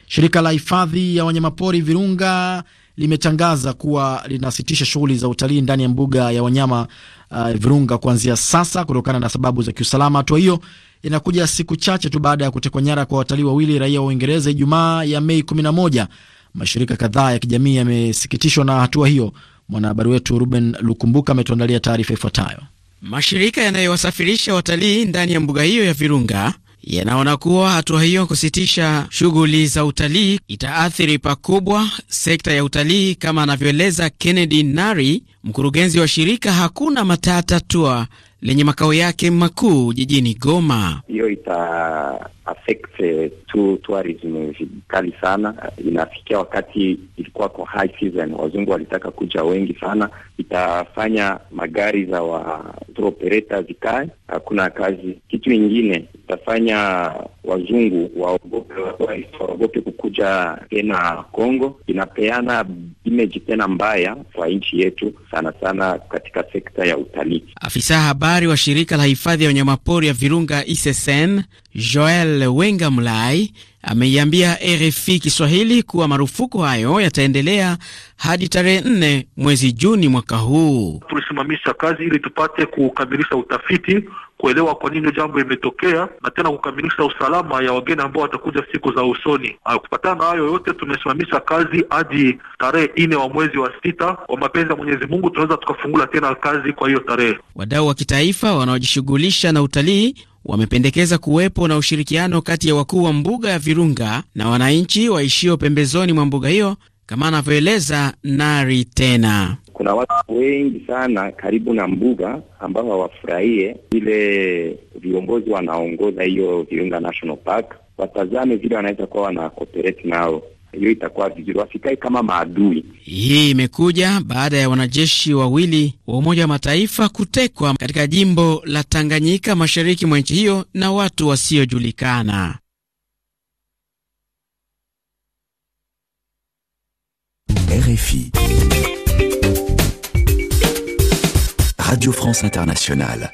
Shirika la hifadhi ya wanyamapori Virunga limetangaza kuwa linasitisha shughuli za utalii ndani ya mbuga ya wanyama uh, Virunga kuanzia sasa kutokana na sababu za kiusalama. Hatua hiyo inakuja siku chache tu baada ya kutekwa nyara kwa watalii wawili raia wa Uingereza Ijumaa ya Mei 11. Mashirika kadhaa ya kijamii yamesikitishwa na hatua hiyo. Mwanahabari wetu Ruben Lukumbuka ametuandalia taarifa ifuatayo. Mashirika yanayowasafirisha watalii ndani ya mbuga hiyo ya Virunga yanaona kuwa hatua hiyo kusitisha shughuli za utalii itaathiri pakubwa sekta ya utalii, kama anavyoeleza Kennedy Nari, mkurugenzi wa shirika Hakuna Matata Tua lenye makao yake makuu jijini Goma. Hiyo ita affect eh, tu tourism vikali sana. Inafikia wakati ilikuwa kwa high season, wazungu walitaka kuja wengi sana. Itafanya magari za wa tour operator zikae, hakuna kazi. Kitu ingine tutafanya wazungu waogope, kukuja tena Kongo. Inapeana image tena mbaya kwa nchi yetu, sana sana katika sekta ya utalii. Afisa habari wa shirika la hifadhi ya wanyamapori ya Virunga issn Joel Wenga Mlai ameiambia RFI Kiswahili kuwa marufuku hayo yataendelea hadi tarehe nne mwezi Juni mwaka huu. Tulisimamisha kazi ili tupate kukamilisha utafiti, kuelewa kwa nini jambo imetokea na tena kukamilisha usalama usalama ya wageni ambao watakuja siku za usoni. Ah, kupatana na hayo yote, tumesimamisha kazi hadi tarehe nne wa mwezi wa sita. Kwa mapenzi ya Mwenyezi Mungu, tunaweza tukafungula tena kazi kwa hiyo tarehe. Wadau wa kitaifa wanaojishughulisha na utalii wamependekeza kuwepo na ushirikiano kati ya wakuu wa mbuga ya Virunga na wananchi waishio pembezoni mwa mbuga hiyo, kama anavyoeleza Nari tena kuna watu wengi sana karibu na mbuga ambao hawafurahie vile viongozi wanaongoza hiyo Virunga National Park, watazame vile wanaweza kuwa wana cooperate nao hiyo itakuwa vizuri, wasikae kama maadui. Hii imekuja baada ya wanajeshi wawili wa Umoja wa Mataifa kutekwa katika jimbo la Tanganyika, mashariki mwa nchi hiyo na watu wasiojulikana. RFI Radio France Internationale.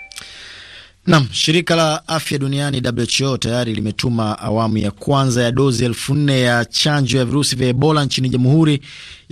Nam, shirika la afya duniani WHO tayari limetuma awamu ya kwanza ya dozi elfu nne ya chanjo ya virusi vya Ebola nchini Jamhuri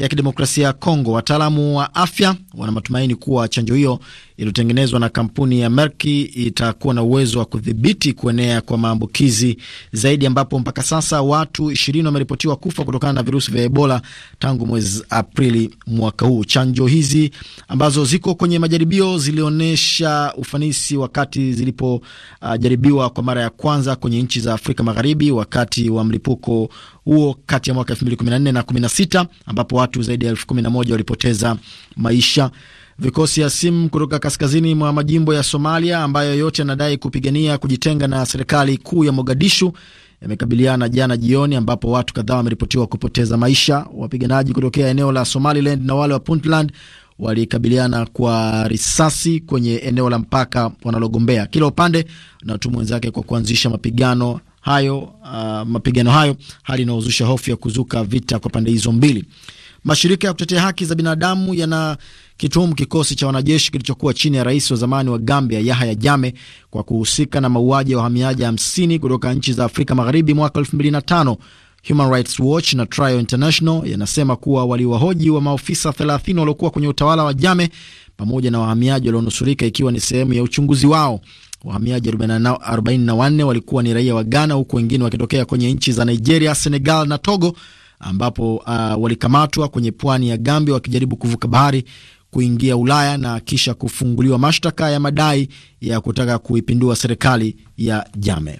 ya Kidemokrasia ya Kongo. Wataalamu wa afya wana matumaini kuwa chanjo hiyo iliyotengenezwa na kampuni ya Merck itakuwa na uwezo wa kudhibiti kuenea kwa maambukizi zaidi, ambapo mpaka sasa watu ishirini wameripotiwa kufa kutokana na virusi vya Ebola tangu mwezi Aprili mwaka huu. Chanjo hizi ambazo ziko kwenye majaribio zilionyesha ufanisi wakati zilipojaribiwa uh, kwa mara ya kwanza kwenye nchi za Afrika Magharibi wakati wa mlipuko huo kati ya mwaka 2014 na 16 ambapo watu zaidi ya elfu kumi na moja walipoteza maisha. Vikosi ya simu kutoka kaskazini mwa majimbo ya Somalia ambayo yote yanadai kupigania kujitenga na serikali kuu ya Mogadishu yamekabiliana jana jioni, ambapo watu kadhaa wameripotiwa kupoteza maisha. Wapiganaji kutokea eneo la Somaliland na wale wa Puntland walikabiliana kwa risasi kwenye eneo la mpaka wanalogombea, kila upande na utumwa wenzake kwa kuanzisha mapigano hayo uh, mapigano hayo, hali inayozusha hofu ya kuzuka vita kwa pande hizo mbili. Mashirika ya kutetea haki za binadamu yana kituhumu kikosi cha wanajeshi kilichokuwa chini ya rais wa zamani wa Gambia Yahya jame kwa kuhusika na mauaji ya wahamiaji hamsini kutoka nchi za Afrika Magharibi mwaka 2005. Human Rights Watch na Trial International yanasema kuwa waliwahoji wa maofisa 30 waliokuwa kwenye utawala wa jame pamoja na wahamiaji walionusurika ikiwa ni sehemu ya uchunguzi wao. Wahamiaji 44 walikuwa ni raia wa Ghana, huku wengine wakitokea kwenye nchi za Nigeria, Senegal na Togo, ambapo uh, walikamatwa kwenye pwani ya Gambia wakijaribu kuvuka bahari kuingia Ulaya na kisha kufunguliwa mashtaka ya madai ya kutaka kuipindua serikali ya Jame.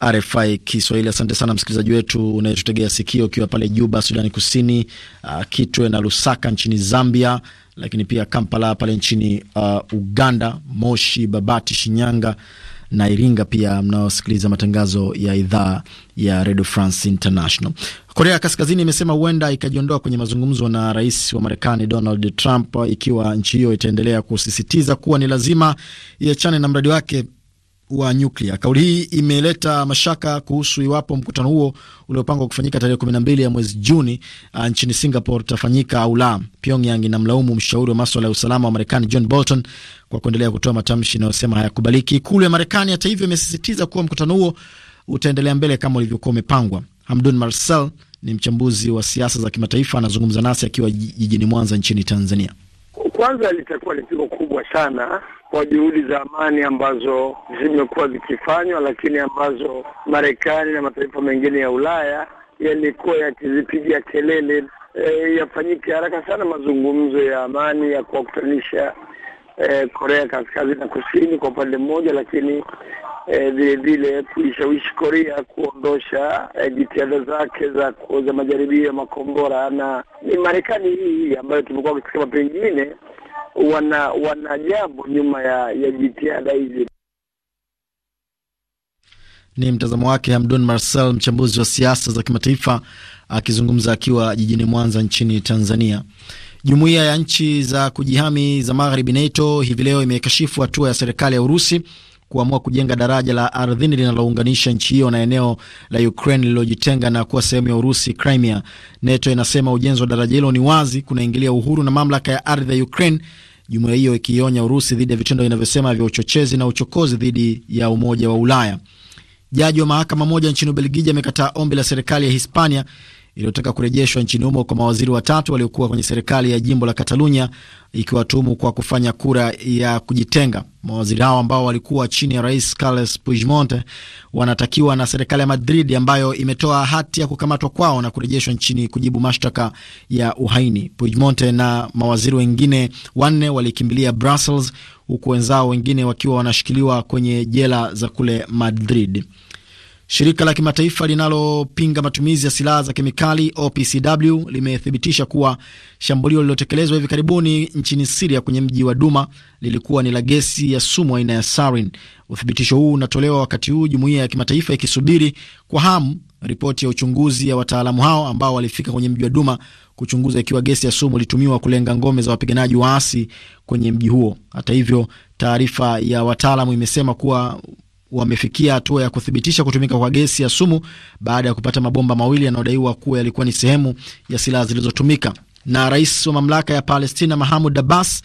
RFI Kiswahili. Asante sana msikilizaji wetu unayetutegea sikio ukiwa pale Juba, Sudani Kusini, uh, Kitwe na Lusaka nchini Zambia, lakini pia Kampala pale nchini uh, Uganda, Moshi, Babati, Shinyanga na Iringa pia mnaosikiliza matangazo ya idhaa ya Radio France International. Korea ya Kaskazini imesema huenda ikajiondoa kwenye mazungumzo na rais wa Marekani Donald Trump ikiwa nchi hiyo itaendelea kusisitiza kuwa ni lazima iachane na mradi wake wa nyuklia. Kauli hii imeleta mashaka kuhusu iwapo mkutano huo uliopangwa kufanyika tarehe 12 ya mwezi Juni uh, nchini Singapore utafanyika au la. Pyongyang inamlaumu mshauri wa maswala ya usalama wa Marekani John Bolton kwa kuendelea kutoa matamshi yanayosema hayakubaliki. Ikulu ya Marekani hata hivyo imesisitiza kuwa mkutano huo utaendelea mbele kama ulivyokuwa umepangwa. Hamdun Marcel ni mchambuzi wa siasa za kimataifa, anazungumza nasi akiwa jijini Mwanza nchini Tanzania. Kwanza litakuwa ni pigo kubwa sana kwa juhudi za amani ambazo zimekuwa zikifanywa, lakini ambazo Marekani na mataifa mengine ya Ulaya yalikuwa yakizipigia kelele e, yafanyike haraka sana mazungumzo ya amani ya kuwakutanisha eh, Korea Kaskazini na Kusini kwa upande mmoja, lakini eh, vile vile kuishawishi Korea kuondosha eh, jitihada zake za kuoza majaribio ya makombora, na ni Marekani hii ambayo tumekuwa tukisema pengine wana wana jambo nyuma ya, ya jitihada hizi. Ni mtazamo wake Hamdun Marcel, mchambuzi wa siasa za kimataifa akizungumza akiwa jijini Mwanza nchini Tanzania. Jumuiya ya nchi za kujihami za magharibi NATO hivi leo imekashifu hatua ya serikali ya Urusi kuamua kujenga daraja la ardhini linalounganisha nchi hiyo na eneo la Ukraine lililojitenga na kuwa sehemu ya Urusi, Crimea. NATO inasema ujenzi wa daraja hilo ni wazi kunaingilia uhuru na mamlaka ya ardhi ya Ukraine, jumuiya hiyo ikionya Urusi dhidi ya vitendo vinavyosema vya uchochezi na uchokozi dhidi ya Umoja wa Ulaya. Jaji wa mahakama moja nchini Ubelgiji amekataa ombi la serikali ya Hispania iliyotaka kurejeshwa nchini humo kwa mawaziri watatu waliokuwa kwenye serikali ya jimbo la Katalunya ikiwatumu kwa kufanya kura ya kujitenga. Mawaziri hao ambao walikuwa chini ya rais Carles Puigdemont wanatakiwa na serikali ya Madrid ambayo imetoa hati ya kukamatwa kwao na kurejeshwa nchini kujibu mashtaka ya uhaini. Puigdemont na mawaziri wengine wanne walikimbilia Brussels, huku wenzao wengine wakiwa wanashikiliwa kwenye jela za kule Madrid. Shirika la kimataifa linalopinga matumizi ya silaha za kemikali OPCW limethibitisha kuwa shambulio lililotekelezwa hivi karibuni nchini Siria kwenye mji wa Duma lilikuwa ni la gesi ya sumu aina ya sarin. Uthibitisho huu unatolewa wakati huu jumuiya ya kimataifa ikisubiri kwa hamu ripoti ya uchunguzi ya wataalamu hao ambao walifika kwenye mji wa Duma kuchunguza ikiwa gesi ya sumu ilitumiwa kulenga ngome za wapiganaji waasi kwenye mji huo. Hata hivyo, taarifa ya wataalamu imesema kuwa wamefikia hatua ya kuthibitisha kutumika kwa gesi ya sumu baada ya kupata mabomba mawili yanayodaiwa kuwa yalikuwa ni sehemu ya silaha zilizotumika. Na rais wa mamlaka ya Palestina Mahmud Abbas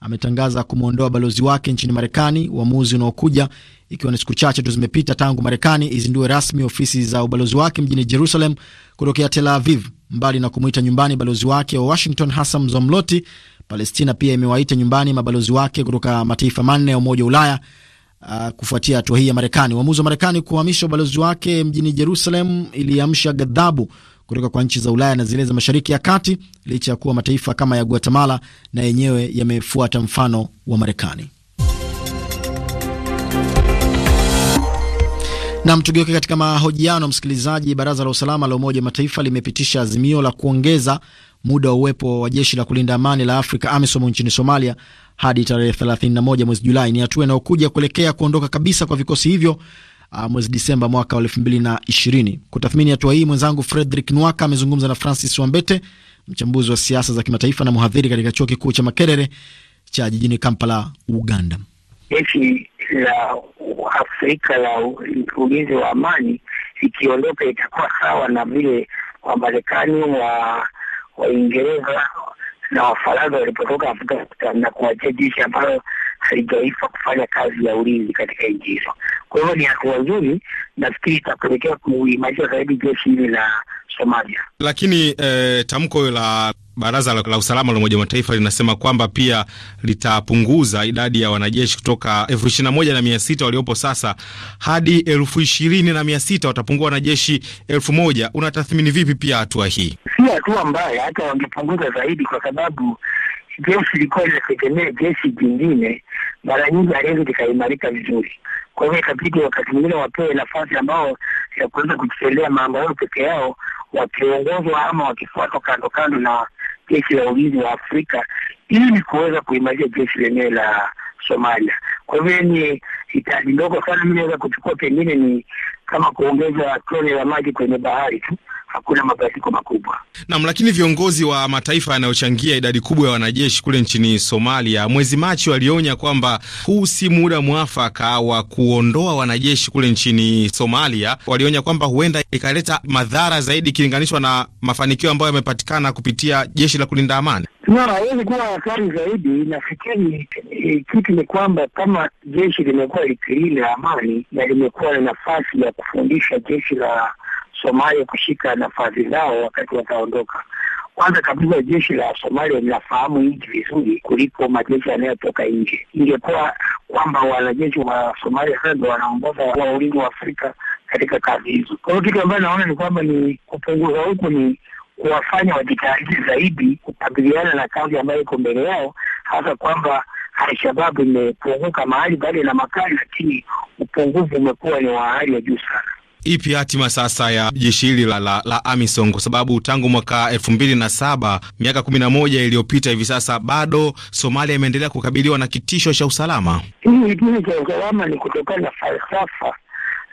ametangaza kumwondoa balozi wake nchini Marekani, uamuzi unaokuja ikiwa ni siku chache tu zimepita tangu Marekani izindue rasmi ofisi za ubalozi wake mjini Jerusalem kutokea Tel Aviv. Mbali na kumwita nyumbani balozi wake wa Washington Hassan Zomloti, Palestina pia imewaita nyumbani mabalozi wake kutoka mataifa manne ya Umoja wa Ulaya Uh, kufuatia hatua hii ya Marekani, uamuzi wa Marekani kuhamisha ubalozi wake mjini Jerusalem iliamsha ghadhabu kutoka kwa nchi za Ulaya na zile za Mashariki ya Kati, licha ya kuwa mataifa kama ya Guatemala na yenyewe yamefuata mfano wa Marekani. Nam, tugeuke katika mahojiano msikilizaji. Baraza la Usalama la Umoja wa Mataifa limepitisha azimio la kuongeza muda wa uwepo wa jeshi la kulinda amani la Afrika AMISOM nchini Somalia hadi tarehe 31 mwezi Julai. Ni hatua inayokuja kuelekea kuondoka kabisa kwa vikosi hivyo ah, mwezi Disemba mwaka wa na ishirini Kutathmini hatua hii, mwenzangu fredrik Nwaka amezungumza na Francis Wambete, mchambuzi wa siasa za kimataifa na mhadhiri katika chuo kikuu cha Makerere cha jijini Kampala, Uganda. Jeshi la Afrika la ulinzi wa amani ikiondoka itakuwa sawa na vile Wamarekani wa Waingereza na Wafaransa walipotoka Afrika na kuachia jeshi ambalo halijaifa kufanya kazi ya ulinzi katika nchi hizo. Kwa hivyo ni hatua nzuri, nafikiri itapelekea kuimarisha zaidi jeshi hili la Somalia. Lakini eh, tamko la Baraza la, usalama la Umoja wa Mataifa linasema kwamba pia litapunguza idadi ya wanajeshi kutoka elfu ishirini na moja na mia sita waliopo sasa hadi elfu ishirini na mia sita watapungua wanajeshi elfu moja Unatathmini vipi pia hatua hii? Si hatua mbaya, hata wangepunguza zaidi, kwa sababu jeshi likuwa linategemea jeshi jingine, mara nyingi haliwezi likaimarika vizuri. Kwa hivyo ikabidi wakati mwingine wapewe nafasi ambao ya kuweza kuchitelea mambo yao peke yao, wakiongozwa ama wakifuatwa kando kando na jeshi la ulinzi wa Afrika ili kuweza kuimarisha jeshi lenyewe la Somalia. Kwa hivyo ni hitaji ndogo sana, mi naweza kuchukua pengine ni kama kuongeza tone la maji kwenye bahari tu hakuna mabadiliko makubwa. Naam, lakini viongozi wa mataifa yanayochangia idadi kubwa ya wanajeshi kule nchini Somalia mwezi Machi walionya kwamba huu si muda mwafaka wa kuondoa wanajeshi kule nchini Somalia. Walionya kwamba huenda ikaleta madhara zaidi ikilinganishwa na mafanikio ambayo yamepatikana kupitia jeshi la kulinda amani. Hawezi kuwa hatari zaidi. Nafikiri eh, kitu ni kwamba kama jeshi limekuwa likilinda amani na limekuwa na nafasi ya kufundisha jeshi la Somalia kushika nafasi zao wakati wataondoka. Kwanza kabisa jeshi la Somalia linafahamu nchi vizuri kuliko majeshi yanayotoka nje. Ingekuwa kwamba wanajeshi wa Somalia sasa ndio wanaongoza wa ulingo wa Afrika katika kazi hizo. Kwa hiyo kitu ambayo naona ni kwamba ni kupunguza huku ni kuwafanya wajitahidi zaidi kukabiliana na kazi ambayo iko mbele yao, hasa kwamba Alshababu imepunguka mahali bali na makali, lakini upungufu umekuwa ni wa hali ya juu sana ipi hatima sasa ya jeshi hili la, la, la AMISOM kwa sababu tangu mwaka elfu mbili na saba miaka kumi na moja iliyopita hivi sasa bado Somalia imeendelea kukabiliwa na kitisho cha usalama. Hii kitisho cha usalama ni kutokana na falsafa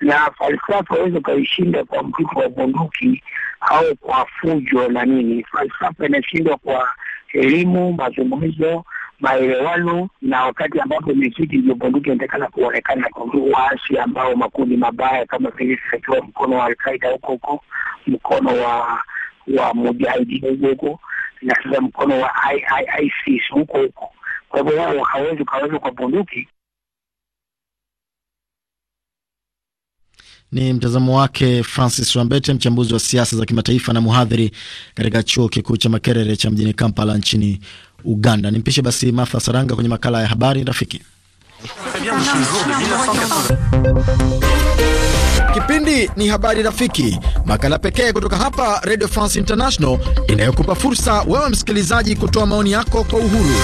na falsafa huweza ukaishinda kwa mtutu wa bunduki au kwa fujo na nini. Falsafa inashindwa kwa elimu, mazungumzo maelewano, na wakati ambapo misikiti iliyobunduki inaonekana kuonekana waasi ambao makundi mabaya kama vile akiwa mkono wa Alqaida huko huko, mkono wa wa mujahidini huko huko, na sasa mkono wa ISIS huko huko. Kwa hivyo wao wakawezi ukaweza kwa bunduki Ni mtazamo wake Francis Wambete, mchambuzi wa siasa za kimataifa na mhadhiri katika chuo kikuu cha Makerere cha mjini Kampala nchini Uganda. Nimpishe basi Martha Saranga kwenye makala ya habari rafiki. Kipindi ni habari rafiki, makala pekee kutoka hapa Radio France International inayokupa fursa wewe msikilizaji kutoa maoni yako kwa uhuru.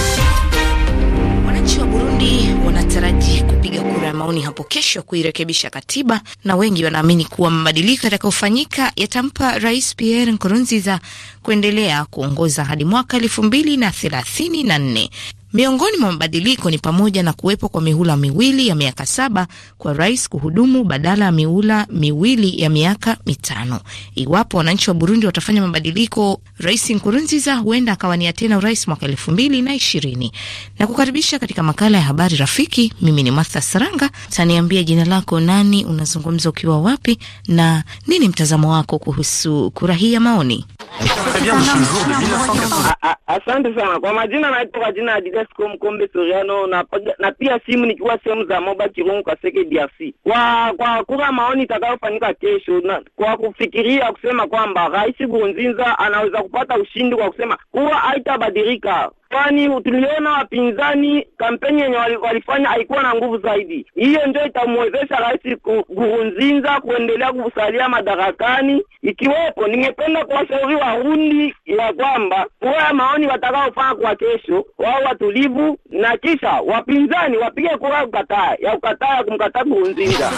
Wananchi wa Burundi wanataraji kupiga kura ya maoni hapo kesho kuirekebisha katiba, na wengi wanaamini kuwa mabadiliko yatakayofanyika yatampa Rais Pierre Nkurunziza kuendelea kuongoza hadi mwaka elfu mbili na thelathini na nne. Miongoni mwa mabadiliko ni pamoja na kuwepo kwa mihula miwili ya miaka saba kwa rais kuhudumu badala ya mihula miwili ya miaka mitano. Iwapo wananchi wa Burundi watafanya mabadiliko, Rais Nkurunziza huenda akawania tena urais mwaka elfu mbili na ishirini. Na kukaribisha katika makala ya habari rafiki, mimi ni Martha Saranga. Taniambia jina lako, nani unazungumza, ukiwa wapi, na nini mtazamo wako kuhusu kura hii ya maoni? Ah, ah, asante sana kwa majina, naitwa kwa jina ya Digasco Mkombe Soriano na, na pia simu nikiwa sehemu za Moba Kirungu kwa Seke DRC. Kwa kwa kura maoni itakayofanyika kesho, na kwa kufikiria kusema kwamba Rais Burunzinza anaweza kupata ushindi kwa kusema kura haitabadilika kwani tuliona wapinzani kampeni yenye walifanya haikuwa na nguvu zaidi. Hiyo ndio itamwezesha Rais Nkurunziza kuendelea kusalia madarakani. Ikiwepo, ningependa kuwashauri Warundi ya kwamba ya maoni watakaofanya kwa kesho, wao watulivu, na kisha wapinzani wapige kura ukataa ya ukataa ya kumkataa Nkurunziza.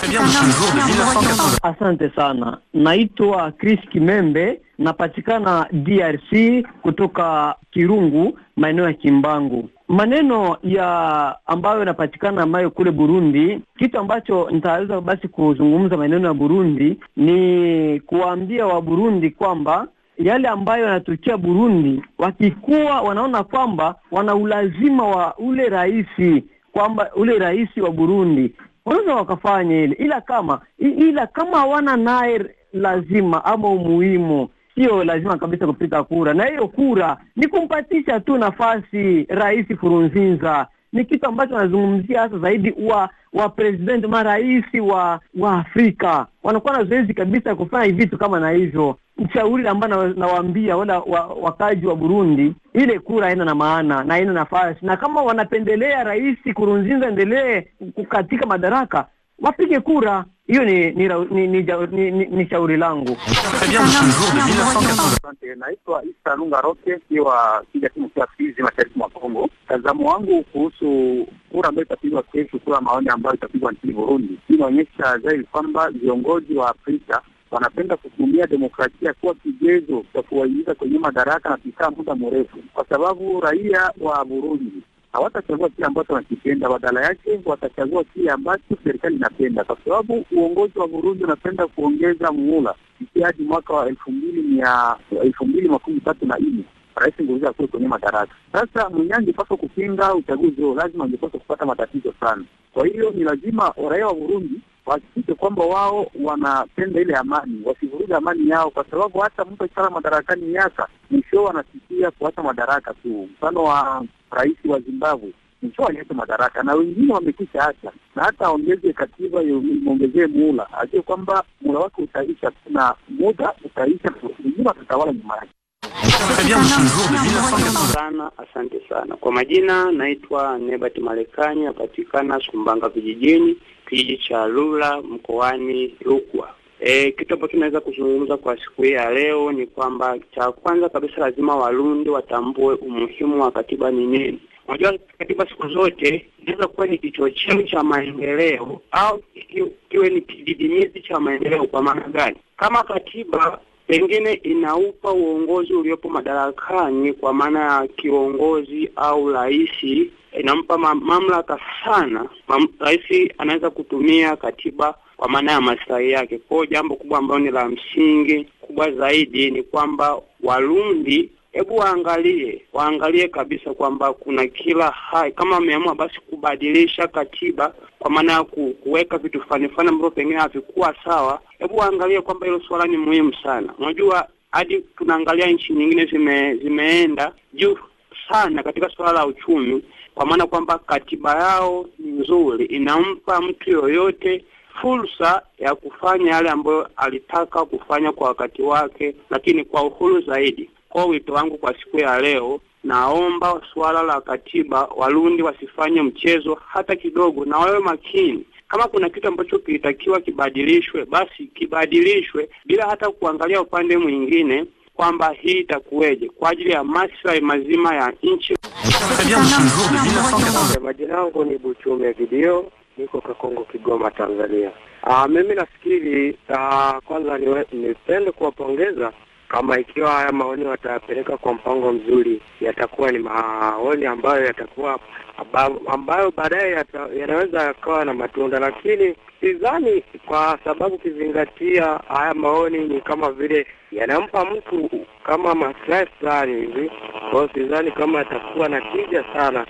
Asante sana, naitwa Chris Kimembe napatikana DRC kutoka Kirungu, maeneo ya Kimbangu. Maneno ya ambayo yanapatikana ambayo kule Burundi, kitu ambacho nitaweza basi kuzungumza maneno ya Burundi ni kuwaambia burundi kwamba yale ambayo yanatokea Burundi, wakikuwa wanaona kwamba wana ulazima wa ule rais kwamba ule rais wa Burundi wanaweza wakafanya ile, ila kama ila kama hawana naye lazima ama umuhimu sio lazima kabisa kupiga kura, na hiyo kura ni kumpatisha tu nafasi Rais Furunzinza. Ni kitu ambacho anazungumzia hasa zaidi wa wa president marais wa wa Afrika wanakuwa na zoezi kabisa ya kufanya vitu kama na hivyo. mshauri ambayo nawaambia wala wa, wakaji wa Burundi, ile kura haina na maana na haina nafasi, na kama wanapendelea Rais Kurunzinza endelee katika madaraka, wapige kura hiyo ni ni, ni, ni, ni, ni, ni shauri langu. Naitwa Isa Lunga Roke, kiwa kija timu cha Fizi, mashariki mwa Kongo. tazamo wangu kuhusu kura ambayo itapigwa kesho, kura maoni ambayo itapigwa nchini Burundi, inaonyesha zaidi kwamba viongozi wa Afrika wanapenda kutumia demokrasia kuwa kigezo cha kuwaingiza kwenye madaraka na kukaa muda mrefu, kwa sababu raia wa Burundi hawatachagua kile ambacho wanakipenda, badala yake watachagua kile ambacho serikali inapenda, kwa sababu uongozi wa Burundi unapenda kuongeza muhula hadi mwaka wa elfu mbili mia elfu mbili makumi tatu na nne Rais Nguruza akuwe kwenye madaraka. Sasa mwenyewe angepaswa kupinga uchaguzi huo, lazima angepaswa kupata matatizo sana. Kwa hiyo ni lazima raia wa Burundi wahakikishe kwamba wao wanapenda ile amani, wasivuruge amani yao, kwa sababu hata mtu akitaka madarakani miaka mwisho wanasikia kuacha madaraka tu. Mfano wa rais wa Zimbabwe mwisho aliacha madaraka na wengine wamekisha acha, na hata aongeze katiba imeongezee muhula, ajue kwamba muhula wake utaisha, kuna muda utaisha, wengine watatawala nyuma yake. Sana, asante sana kwa majina. Naitwa Nebat Marekani, napatikana Sumbanga vijijini, kijiji cha Lula mkoani Rukwa. E, kitu ambacho tunaweza kuzungumza kwa siku hii ya leo ni kwamba cha kwanza kabisa lazima Warundi watambue umuhimu wa katiba ni nini. Unajua, katiba siku zote inaweza kuwa ni kichocheo cha maendeleo au kiwe ni kididimizi cha maendeleo. Kwa maana gani? Kama katiba pengine inaupa uongozi uliopo madarakani, kwa maana ya kiongozi au rais, inampa mamlaka sana. Mam, rais anaweza kutumia katiba kwa maana ya maslahi yake. Kwa hiyo jambo kubwa ambalo ni la msingi kubwa zaidi ni kwamba Warundi hebu waangalie, waangalie kabisa kwamba kuna kila hai, kama wameamua basi kubadilisha katiba kwa maana ya kuweka vitu fulani fulani ambavyo pengine havikuwa sawa, hebu waangalie kwamba hilo swala ni muhimu sana. Unajua, hadi tunaangalia nchi nyingine zime, zimeenda juu sana katika suala la uchumi, kwa maana kwamba katiba yao ni nzuri, inampa mtu yoyote fursa ya kufanya yale ambayo alitaka kufanya kwa wakati wake, lakini kwa uhuru zaidi. Kwa wito wangu kwa siku ya leo, naomba suala la katiba, Warundi wasifanye mchezo hata kidogo, na wawe makini kama kuna kitu ambacho kilitakiwa kibadilishwe, basi kibadilishwe bila hata kuangalia upande mwingine kwamba hii itakuweje kwa ajili ya maslahi mazima ya nchi. Majina yangu ni Buchume Video, niko Kakongo, Kigoma, Tanzania. Aa, ah, mimi nafikiri ah, kwanza nipende kuwapongeza kama ikiwa haya maoni watayapeleka kwa mpango mzuri, yatakuwa ni maoni ambayo yatakuwa ambayo baadaye yata, yanaweza yakawa na matunda, lakini sidhani, kwa sababu kizingatia haya maoni ni kama vile yanampa mtu kama maslahi fulani hivi. Kwa sidhani kama atakuwa na tija sana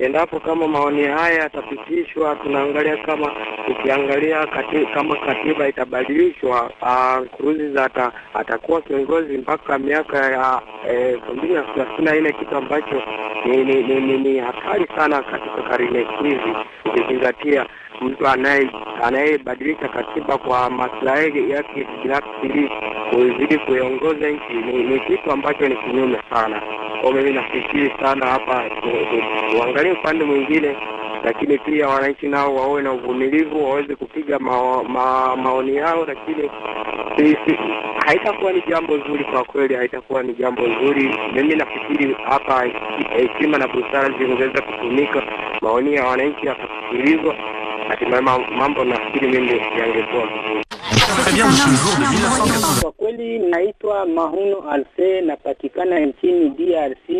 endapo kama maoni haya yatapitishwa. Tunaangalia kama ukiangalia kati, kama katiba itabadilishwa, ah, kruzi ata, atakuwa kiongozi mpaka miaka ya elfu eh, mbili na thelathini na nne, kitu ambacho ni, ni, ni, ni, ni hatari sana katika karne hizi ukizingatia mtu anayebadilisha katiba kwa maslahi yake binafsi kuzidi kuiongoza nchi ni kitu ambacho ni kinyume sana. Kwa mimi nafikiri sana hapa uangalie upande mwingine, lakini pia wananchi nao wawe na uvumilivu, waweze kupiga ma, ma, maoni yao, lakini haitakuwa ni jambo zuri kwa kweli, haitakuwa ni jambo zuri. Mimi nafikiri hapa heshima na busara zingeweza kutumika, maoni ya wananchi yakasikilizwa, hatimaye mambo nafikiri mimi yangekuwa vizuri. Kwa kweli naitwa Mahuno Alse, napatikana nchini DRC,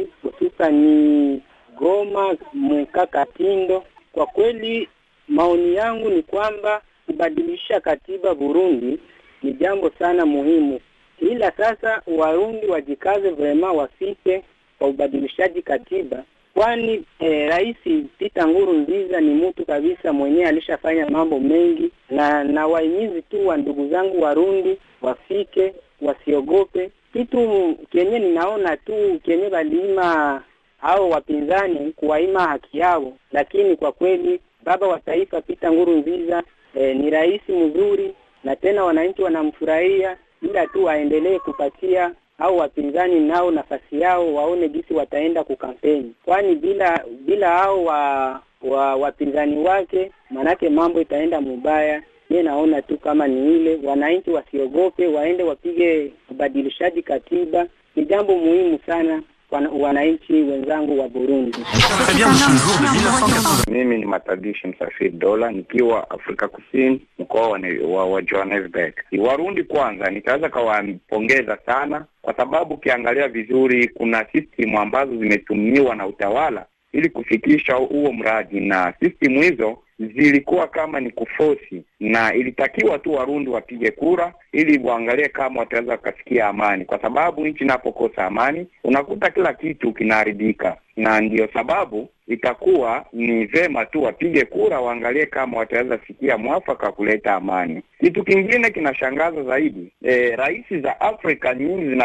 ni Goma Mweka Katindo. Kwa kweli maoni yangu ni kwamba kubadilisha katiba Burundi ni jambo sana muhimu, ila sasa Warundi wajikaze vrema wafike kwa ubadilishaji katiba kwani eh, Rais Tita Nguru Nziza ni mtu kabisa mwenyewe alishafanya mambo mengi, na na wahimizi tu wa ndugu zangu Warundi wafike, wasiogope kitu kenye ninaona tu kenye balima hao wapinzani kuwaima haki yao, lakini kwa kweli baba wa taifa Pita Nguru Nziza eh, ni rais mzuri na tena wananchi wanamfurahia, ila tu aendelee kupatia au wapinzani nao nafasi yao waone jinsi wataenda kukampeni, kwani bila bila hao wa, wa wapinzani wake, maanake mambo itaenda mubaya. Ye naona tu kama ni ile wananchi wasiogope, waende wapige ubadilishaji katiba. Ni jambo muhimu sana wananchi wenzangu wa Burundi. Mimi ni Matadishi Msafiri Dola nikiwa Afrika Kusini, mkoa wa, wa, wa Johannesburg. Warundi kwanza, nitaweza kawapongeza sana kwa sababu ukiangalia vizuri kuna system ambazo zimetumiwa na utawala ili kufikisha huo mradi, na system hizo zilikuwa kama ni kufosi, na ilitakiwa tu Warundi wapige kura ili waangalie kama wataweza kusikia amani, kwa sababu nchi inapokosa amani unakuta kila kitu kinaharibika na ndiyo sababu itakuwa ni vema tu wapige kura, waangalie kama wataweza fikia mwafaka kuleta amani. Kitu kingine kinashangaza zaidi, e, rais za Afrika nyingi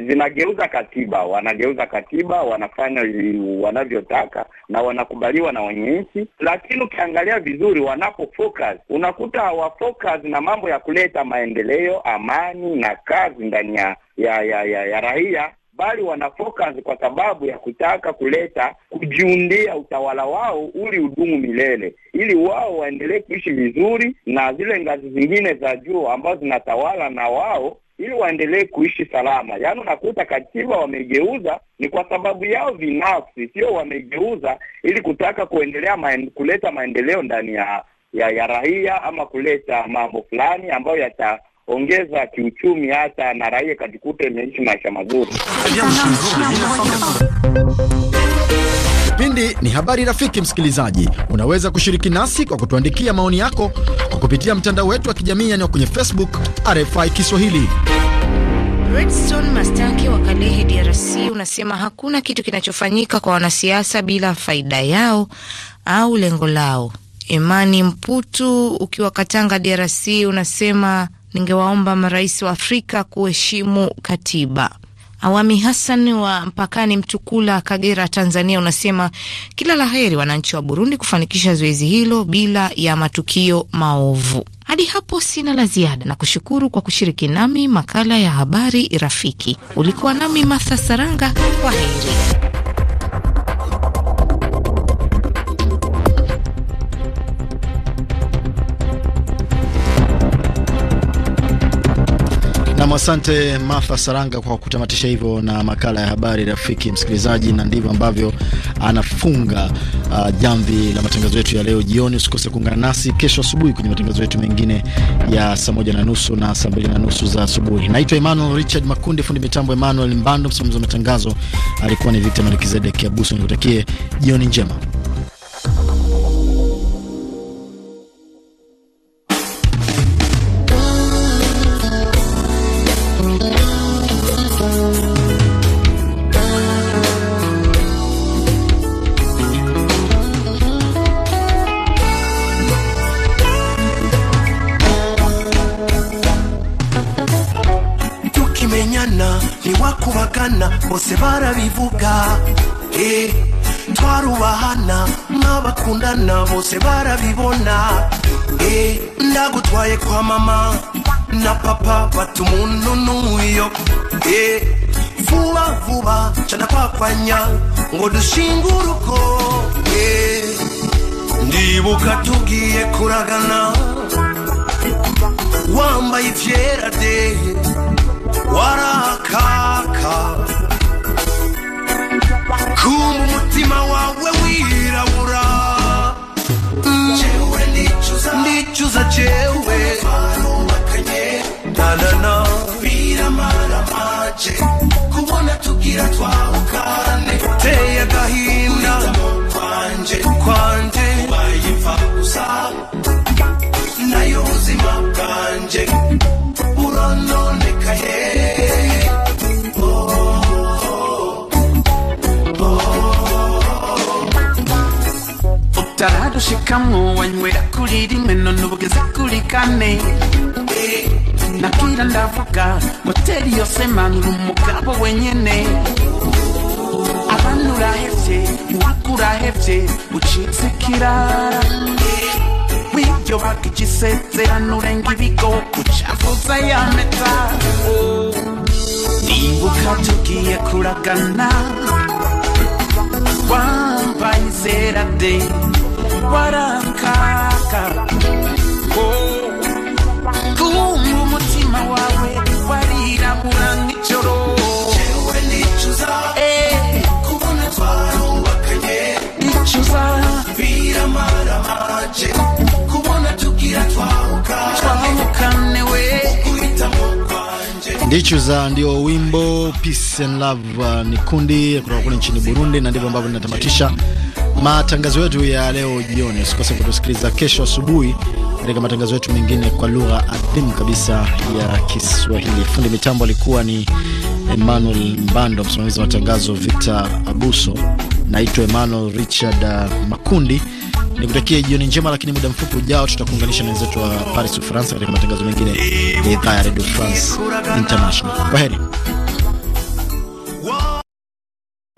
zinageuza katiba, wanageuza katiba, wanafanya wanavyotaka na wanakubaliwa na wenye nchi, lakini ukiangalia vizuri, focus unakuta hawafocus na mambo ya kuleta maendeleo, amani na kazi ndani ya ya ya, ya raia bali wana focus kwa sababu ya kutaka kuleta kujiundia utawala wao uli udumu milele, ili wao waendelee kuishi vizuri na zile ngazi zingine za juu ambazo zinatawala na wao ili waendelee kuishi salama. Yaani unakuta katiba wamegeuza ni kwa sababu yao binafsi, sio wamegeuza ili kutaka kuendelea maen, kuleta maendeleo ndani ya, ya ya raia ama kuleta mambo fulani ambayo yata ongeza kiuchumi hata na raia katikute imeishi maisha mazuri. Kipindi ni habari rafiki. Msikilizaji, unaweza kushiriki nasi kwa kutuandikia maoni yako kwa kupitia mtandao wetu wa kijamii yani kwenye Facebook RFI Kiswahili. Redstone Mastaki wa Kalehe, DRC, unasema hakuna kitu kinachofanyika kwa wanasiasa bila faida yao au lengo lao. Imani Mputu ukiwa Katanga, DRC, unasema ningewaomba marais wa Afrika kuheshimu katiba. Awami Hassan wa mpakani Mtukula, Kagera, Tanzania, unasema kila la heri wananchi wa Burundi kufanikisha zoezi hilo bila ya matukio maovu. Hadi hapo sina la ziada na kushukuru kwa kushiriki nami makala ya habari rafiki. Ulikuwa nami Martha Saranga, kwa heri. Asante Martha Saranga kwa kutamatisha hivyo na makala ya habari rafiki msikilizaji, na ndivyo ambavyo anafunga uh, jamvi la matangazo yetu ya leo jioni. Usikose kuungana nasi kesho asubuhi kwenye matangazo yetu mengine ya saa moja na nusu na saa mbili na nusu za asubuhi. Naitwa Emmanuel Richard Makundi, fundi mitambo Emmanuel Mbando, msimamizi wa matangazo alikuwa ni Victor Melkizedek Abuso. Nikutakie jioni njema. bose barabivuga eh, twarubahana mwabakundana bose barabibona eh, ndagutwaye kwa mama na papa batumuntu n'uyo eh, vuba vuba canakwapfanya ngo dushinge urugo ndibuka tugiye kuragana wambaye ivyera de warakaka kumva umutima wawe wirabura nicuza mm. nicuza cyewe tamu wanywerakurira imeno n'ubugeza kuri kane nakwira ndavuga moteri yose manura umugabo wenyene abantu urahevye iwaku urahevye ucitse w'iryo baka igisezerano urenga ibigogo ucavuza ya meta nibuka tugiye kuragana wambaye izera warankaka kumva oh, umutima wawe warirabura nk'ijoro Ndichuza ndio wimbo Peace and Love. Uh, ni kundi kutoka kule nchini Burundi, na ndivyo ambavyo linatamatisha matangazo yetu ya leo jioni. Usikose kutusikiliza kesho asubuhi katika matangazo yetu mengine kwa lugha adhimu kabisa ya Kiswahili. Fundi mitambo alikuwa ni Emmanuel Mbando, msimamizi wa matangazo Victor Abuso. Naitwa Emmanuel Richard Makundi, nikutakie jioni njema, lakini muda mfupi ujao tutakuunganisha na wenzetu wa Paris, Ufaransa, katika matangazo mengine ya idhaa ya Radio France International. Kwa heri.